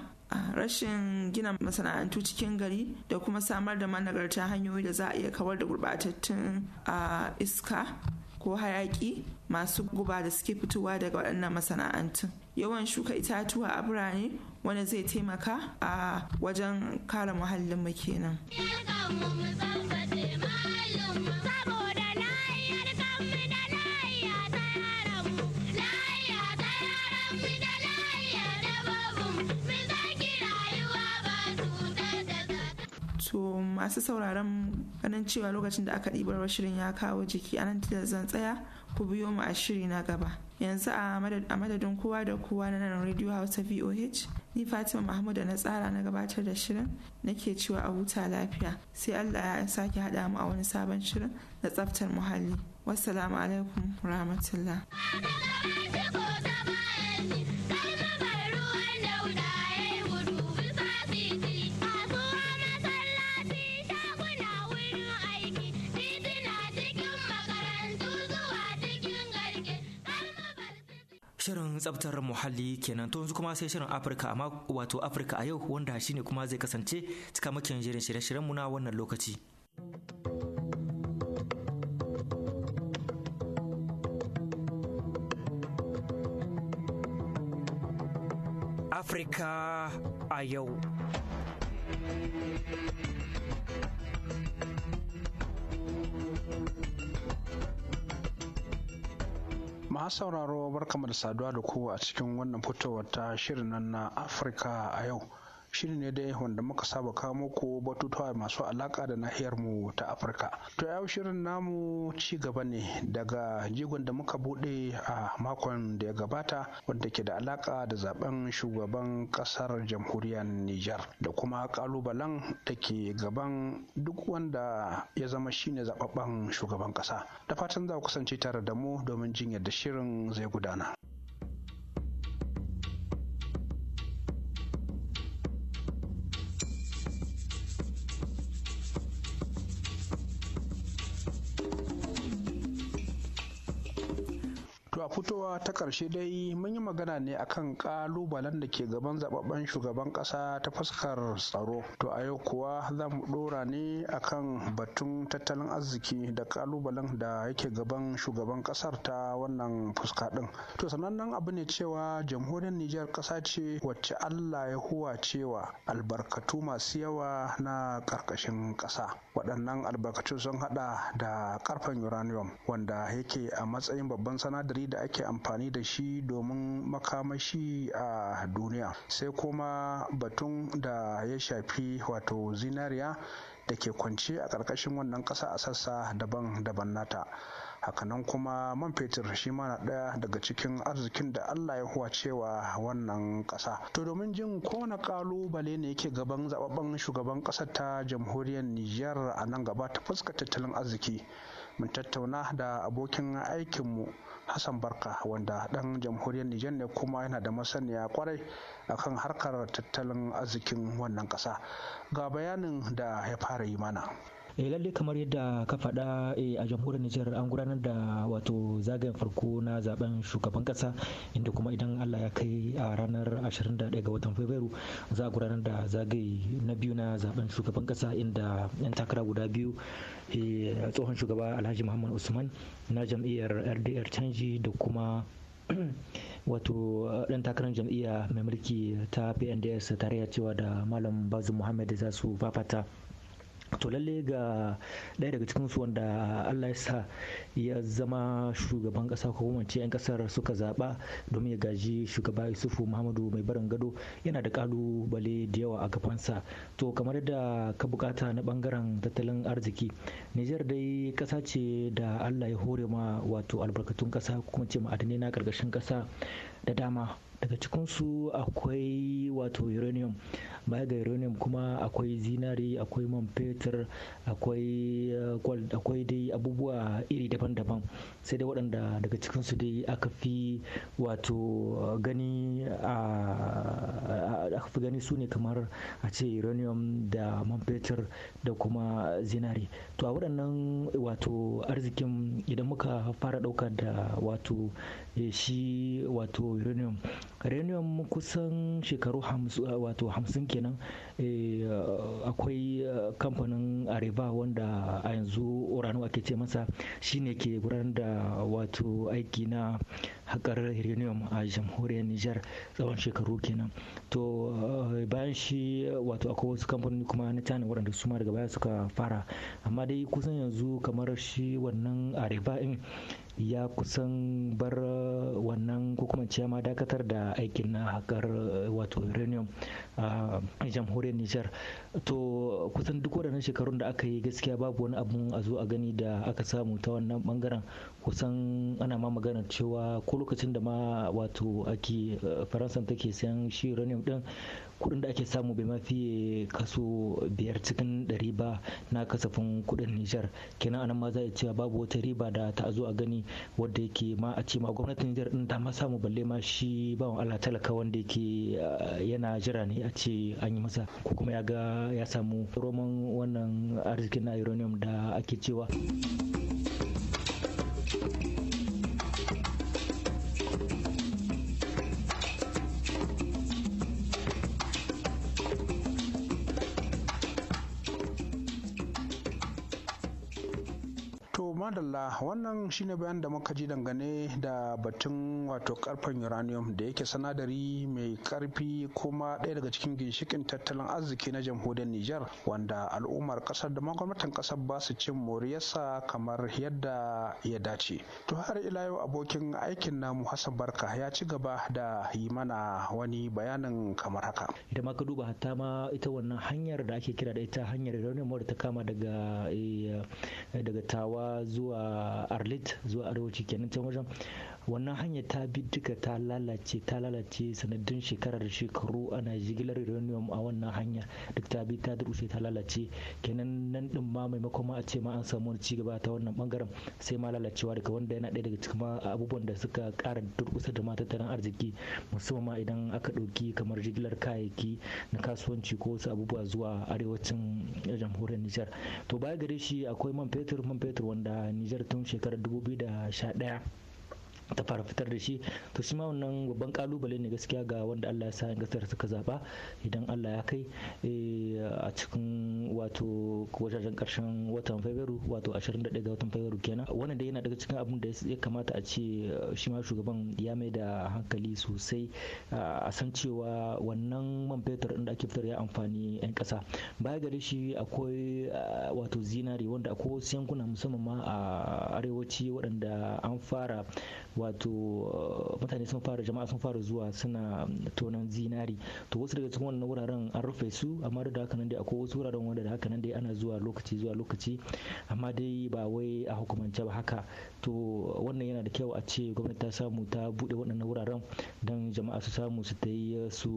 H: rashin gina masana'antu cikin gari da kuma samar da managarta hanyoyi da za a iya kawar da gurɓatattun iska ko hayaki masu guba da suke fitowa daga waɗannan masana'antun yawan shuka itatuwa a birane wanda zai taimaka a wajen kare muhallin mu kenan. to masu sauraron ganin cewa lokacin da aka ɗibar shirin ya kawo jiki anan da zan tsaya ku biyo mu a shiri na gaba yanzu a madadin kowa da kowa na nan radio hausa voh ni fatima mahmud na tsara na gabatar da shirin nake cewa a huta lafiya sai allah ya sake haɗa mu a wani sabon shirin na tsaftar muhalli wassalamu alaikum rahmatullah
B: tsabtar muhalli kenan to yanzu kuma sai shirin Afirka amma wato Afirka a yau wanda shi ne kuma zai kasance cika cikamakin jirin shirye shiryenmu mu na wannan lokaci. Afirka a yau.
G: Ma'a sauraro barkamu da saduwa da ku a cikin wannan fitowar ta shirin nan na afirka a yau shine ne dai wanda muka saba kawo muku batutuwa masu alaka da nahiyar mu ta Afirka. To yau shirin namu ci gaba ne daga jigon da muka bude a makon da ya gabata wanda ke da alaka da zaben shugaban kasar jamhuriyar Nijar da kuma kalubalen da ke gaban duk wanda ya zama shine zababben shugaban kasa. Da fatan za ku kasance tare da mu domin jin yadda shirin zai gudana. a fitowa ta ƙarshe dai mun yi magana ne akan ƙalubalen da ke gaban zaɓaɓɓen shugaban ƙasa ta fuskar tsaro. To a yau kuwa za mu ɗora ne akan batun tattalin arziki da ƙalubalen da yake gaban shugaban ƙasar ta wannan fuska ɗin. To sanannen abu ne cewa jamhuriyar Nijar ƙasa ce wacce Allah ya huwa cewa albarkatu masu yawa na ƙarƙashin ƙasa. Waɗannan albarkatu sun haɗa da ƙarfen uranium wanda yake a matsayin babban sanadari da ake amfani da shi domin makamashi a duniya sai kuma batun da ya shafi wato zinariya da ke kwance a ƙarƙashin wannan ƙasa a sassa daban-daban nata hakanan kuma man fetur shi ma na ɗaya daga cikin arzikin da allah ya huwa cewa wannan ƙasa to domin jin kowane ƙalubale ne yake gaban zababben shugaban ƙasar ta jamhuriyar niger a nan gaba ta fuska tattalin arziki mun tattauna da abokin aikinmu hassan barka wanda 'dan jamhuriyar nijar ne kuma yana da masaniya kwarai akan harkar tattalin arzikin wannan ƙasa ga bayanin da ya fara yi mana
B: eh lalle kamar yadda ka faɗa eh, a jamhuriyar Nijar an gudanar da wato zagayen farko na zaben shugaban kasa inda kuma idan Allah ya kai a ranar 21 ga watan Fabrairu za a gudanar da zagaye na biyu na zaben shugaban kasa inda yan takara guda biyu eh, tsohon shugaba Alhaji Muhammad Usman na jam'iyyar RDR canji da kuma wato dan takarar jam'iyya mai mulki ta pnds tare cewa da malam bazu muhammad za su fafata to lalle ga ɗaya daga cikinsu wanda allah ya sa ya zama shugaban ƙasa ko kuma ce 'yan ƙasar suka zaɓa domin ya gaji shugaba yusufu muhammadu mai barin gado yana da ƙalubale da yawa a gabansa to kamar da ka bukata na ɓangaren tattalin arziki nijar dai ƙasa ce da allah ya hore ma wato albarkatun ƙasa kuma ce ma'adanai na ƙarƙashin ƙasa da dama daga cikinsu akwai wato uranium baya ga uranium kuma akwai zinari akwai man fetur akwai eh, gold akwai dai abubuwa iri daban-daban sai dai waɗanda daga cikinsu dai aka fi wato eh, gani a aka fi gani su ne kamar a ce uranium da man fetur da kuma zinari to a waɗannan wato arzikin idan muka fara ɗauka da wato Eh, shi wato uranium uranium kusan shekaru eh, wato hamsin kenan eh, akwai kamfanin areba wanda a yanzu uranium ake ce masa shine ke gudanar da wato aiki na haƙar uranium a jamhuriyar niger tsawon shekaru kenan to bayan shi wato akwai wasu kamfanoni kuma na china waɗanda su ma daga baya suka fara amma dai kusan yanzu kamar shi wannan areva in ya kusan bar uh, wannan ko kuma ce ma dakatar da aikin na hakar uh, wato uranium a jamhuriyar Nijar to kusan duk waɗannan shekarun da aka yi gaskiya babu wani abun a zo a gani da aka samu ta wannan bangaren kusan ana ma magana cewa ko lokacin da ma wato ake uh, faransa take sayan shi uranium din kuɗin da ake samu bai ma fiye kaso biyar cikin ɗari ba na kasafin kuɗin Nijar kenan anan ma za a cewa babu wata riba da ta zo a gani wadda yake ma a ce ma gwamnatin Nijar din ta ma samu balle ma shi wa Allah talaka wanda yake eh, yana jira ne a ce an yi masa ko kuma ya ga ya samu roman wannan arzikin na uranium da ake cewa.
G: wannan shine bayan da muka ji dangane da batun wato karfen uranium da yake sanadari mai karfi kuma ɗaya daga cikin ginshikin tattalin arziki na jamhuriyar Nijar wanda al'ummar kasar da gwamnatin kasar ba su cin moriyarsa kamar yadda ya dace. To har ila yau abokin aikin namu Hassan Barka ya ci gaba da yi mana wani bayanin kamar haka.
B: Da ma ka duba hatta ma ita wannan hanyar da ake kira da ita hanyar uranium wadda ta kama daga eh, daga tawa zuwa zuwa arlit zuwa arewaci kenan can wajen wannan hanyar ta bi duka ta lalace ta lalace sanadin shekarar da shekaru ana jigilar uranium a wannan hanya duk ta bi ta durushe ta lalace kenan nan din ma maimakon ma a ce ma an samu wani cigaba ta wannan bangaren sai ma lalacewa daga wanda yana ɗaya daga cikin abubuwan da suka ƙara durkusa da ma tattalin arziki musamman ma idan aka ɗauki kamar jigilar kayayyaki na kasuwanci ko wasu abubuwa zuwa arewacin jamhuriyar Nijar to baya gare shi akwai man fetur man fetur wanda Nijar tun shekarar 2011 ta fara fitar da shi to shi ma wannan babban kalubale ne gaskiya ga wanda Allah ya sa in gasar suka zaba idan Allah ya kai eh, a cikin wato wajajen karshen watan Fabrairu wato 21 ga watan Fabrairu kenan wannan dai yana daga cikin abin da ya kamata a ce eh, shi ma shugaban ya mai da hankali sosai a san cewa wannan man fetur inda da ake fitar ya amfani yan kasa baya gare shi akwai wato zinari wanda akwai wasu yankuna musamman ma a arewaci waɗanda an fara wato uh, mutane sun fara jama'a sun fara zuwa suna tonon zinari to wasu daga cikin wannan wuraren an rufe su amma da haka nan dai akwai wasu wuraren wanda da haka nan dai ana zuwa lokaci zuwa lokaci amma dai ba wai a hukumance ba haka to wannan yana da kyau a ce gwamnati ta samu ta buɗe waɗannan wuraren don jama'a su samu su ta yi su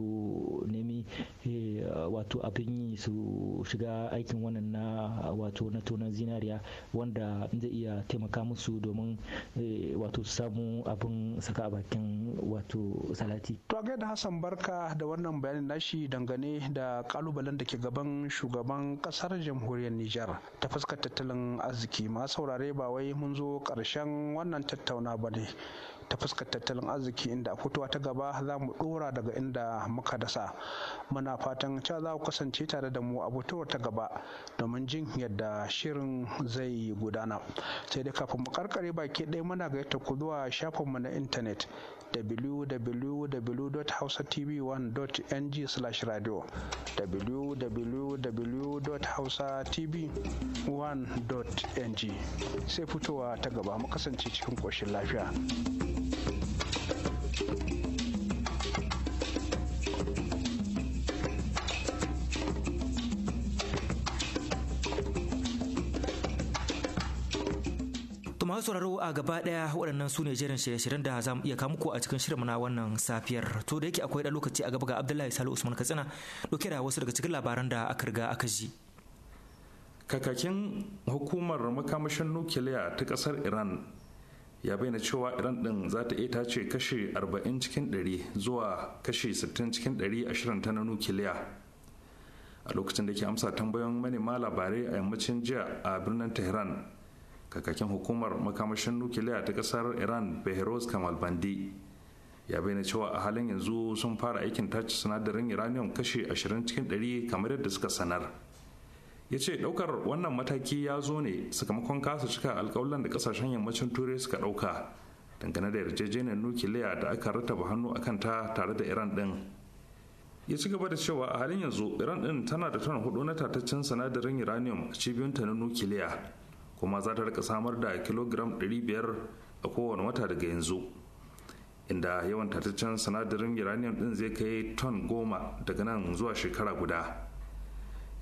B: nemi eh, wato abin yi su shiga aikin wannan na wato na tonon zinariya wanda zai iya taimaka musu domin eh, wato su samu abin saka a bakin wato salati.
G: To da Hassan Barka da wannan bayanin nashi dangane da kalubalen da ke gaban shugaban kasar jamhuriyar Nijar ta fuskar tattalin arziki ma saurare ba wai mun zo ƙarshen wannan tattauna ba ne. ta fuskar tattalin arziki inda a ta gaba za mu ɗora daga inda muka dasa muna fatan cewa za ku kasance tare da mu a fitowar ta gaba domin jin yadda shirin zai gudana sai dai kafin mu karkare baki ɗaya muna gayyata ku zuwa shafinmu na intanet www.hausatv1.ng/radio www.hausatv1.ng sai fitowa ta gaba mu kasance cikin ƙoshin lafiya.
B: masu sauraro a gaba daya waɗannan su ne jerin shirye-shiryen da za mu iya kawo muku a cikin shirin na wannan safiyar to da yake akwai ɗan lokaci a gaba ga Abdullahi salu Usman Katsina ɗauke da wasu daga cikin labaran da aka riga aka ji.
C: Kakakin hukumar makamashin nukiliya ta kasar Iran ya bayyana cewa Iran ɗin za ta iya tace kashe 40 cikin 100 zuwa kashe 60 cikin 100 a shirin ta na nukiliya. A lokacin da ke amsa tambayon manema labarai a yammacin jiya a birnin Tehran kakakin hukumar makamashin nukiliya ta kasar iran behrouz kamal bandi ya bayyana cewa a halin yanzu sun fara aikin tace sinadarin uranium kashe 20 cikin 100 kamar yadda suka sanar ya ce daukar wannan mataki ya zo ne sakamakon kasa cika alkawalan da kasashen yammacin turai suka dauka dangane da yarjejeniyar nukiliya da aka rataba hannu akan ta tare da iran din ya ci gaba da cewa a halin yanzu iran din tana da tana hudu na tataccen sinadarin uranium a cibiyunta na nukiliya kuma za ta rika samar da kilogram 500 a kowane wata daga yanzu inda yawan tataccen sinadarin uranium din zai kai ton goma daga nan zuwa shekara guda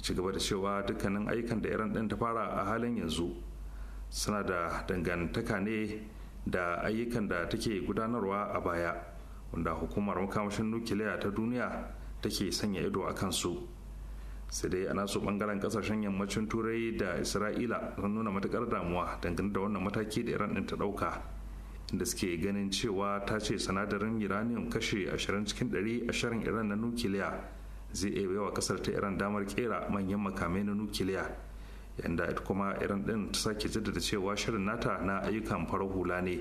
C: ci gaba da cewa dukkanin aikan da iran din ta fara a halin yanzu suna da dangantaka ne da ayyukan da take gudanarwa a baya wanda hukumar makamashin nukiliya ta duniya take sanya ido a kansu sai dai ana so bangaren kasashen yammacin turai da isra'ila sun nuna matukar damuwa dangane da wannan mataki da iran ta dauka da suke ganin cewa ta ce sinadarin uranium kashe 20 cikin 100 a shirin iran na nukiliya zai iya baiwa kasar ta iran damar kera manyan makamai na nukiliya yanda kuma iran din ta sake jaddada cewa shirin nata na ayyukan farar hula ne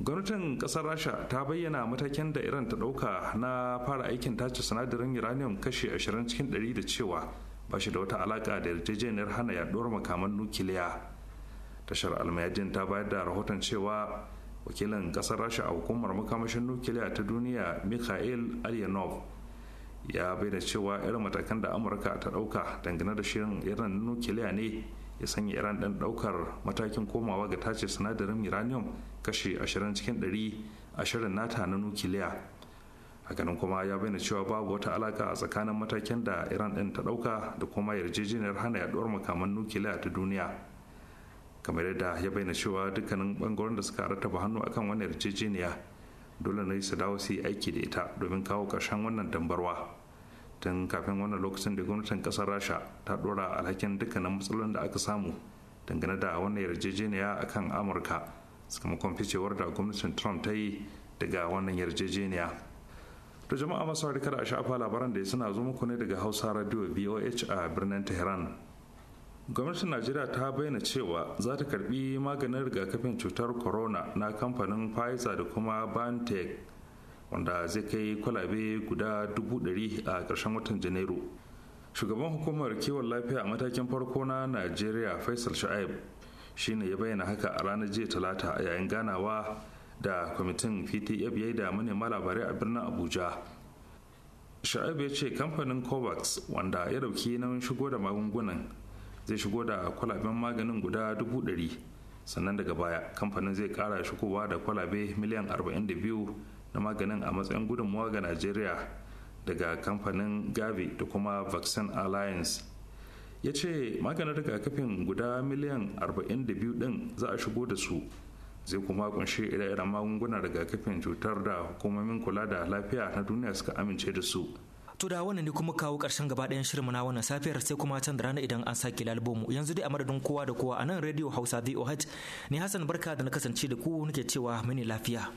C: gwamnatin kasar rasha ta bayyana matakin da iran ta dauka na fara aikin tace sinadarin uranium kashe 20 cikin 100 da cewa ba shi da wata alaka da yarjejeniyar hana yaduwar makaman nukiliya tashar almayajin ta bayar da rahoton cewa wakilin kasar rasha a hukumar makamashin nukiliya ta duniya mikhail alyanov ya bayyana cewa irin matakan da amurka ta dauka dangane da shirin irin nukiliya ne ya sanya iran ɗin ɗaukar matakin komawa ga tace sinadarin uranium kashe ashirin cikin ɗari a shirin nata na nukiliya hakanan kuma ya bayyana cewa babu wata alaka a tsakanin matakin da iran ɗin ta ɗauka da kuma yarjejeniyar hana yaɗuwar makaman nukiliya ta duniya kamar yadda ya bayyana cewa dukkanin bangaren da suka rattaba hannu akan wannan yarjejeniya dole ne su dawo su yi aiki da ita domin kawo ƙarshen wannan dambarwa tun kafin wannan lokacin da gwamnatin kasar rasha ta dora alhakin dukkanin matsalolin da aka samu dangane da wannan yarjejeniya a kan amurka sakamakon ficewar da gwamnatin trump ta yi daga wannan yarjejeniya to jama'a masu da a shafa labaran da suna zo muku ne daga hausa radio boh a birnin tehran gwamnatin najeriya ta bayyana cewa za ta karbi maganin rigakafin cutar corona na kamfanin pfizer da kuma biontech wanda zai kai kwalabe guda dubu ɗari a ƙarshen watan janairu shugaban hukumar kiwon lafiya a matakin farko na najeriya faisal sha'ib shine ya bayyana haka a ranar jiya talata a yayin ganawa da kwamitin ptf ya da manema labarai a birnin abuja sha'ib ya ce kamfanin covax wanda ya dauki nauyin shigo da magungunan zai shigo da kwalaben maganin guda dubu ɗari sannan daga baya kamfanin zai kara shigowa da kwalabe miliyan arba'in da biyu. na maganin a matsayin gudunmuwa ga najeriya daga kamfanin gavi da kuma vaccine alliance ya ce maganin rigakafin guda miliyan 42 din za a shigo da su zai kuma kunshi ire-iren magungunan rigakafin cutar da hukumomin kula da lafiya na duniya suka amince da su
B: To da wannan ne kuma kawo karshen gaba ɗayan shirin na wannan safiyar sai kuma can da rana idan an sake lalbomu yanzu dai a madadin kowa da kowa a nan rediyo Hausa VOH ne Hassan Barka da na kasance da ku nake cewa mini lafiya.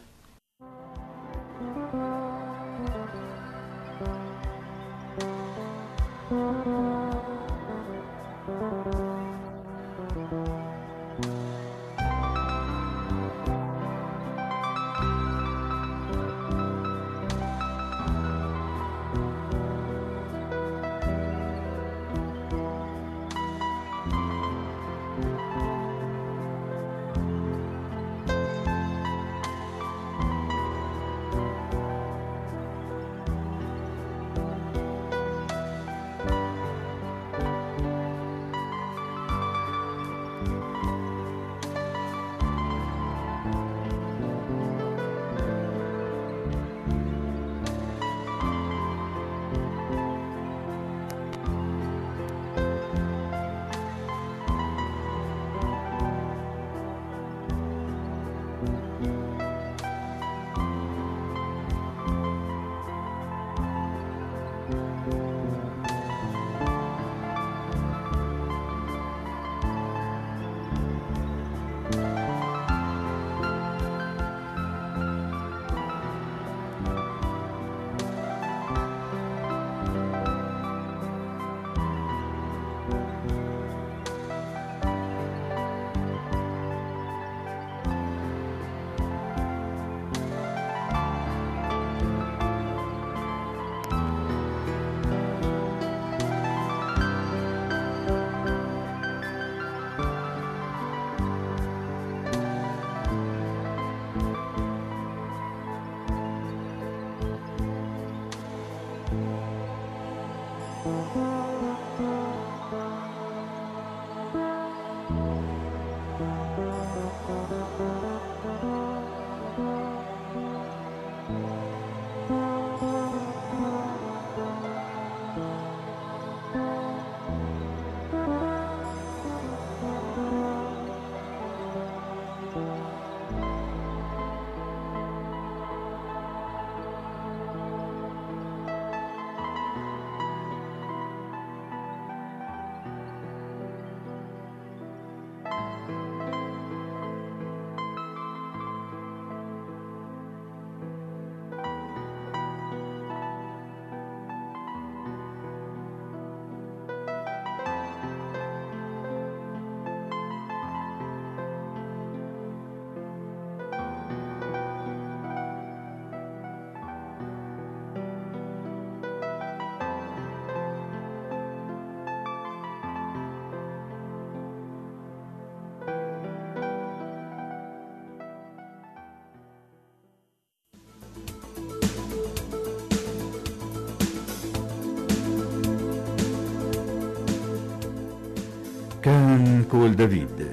C: قول دافيد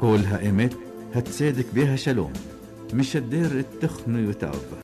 C: قولها إيمت هتسيدك بيها شلوم مش هتدير التخن وتعب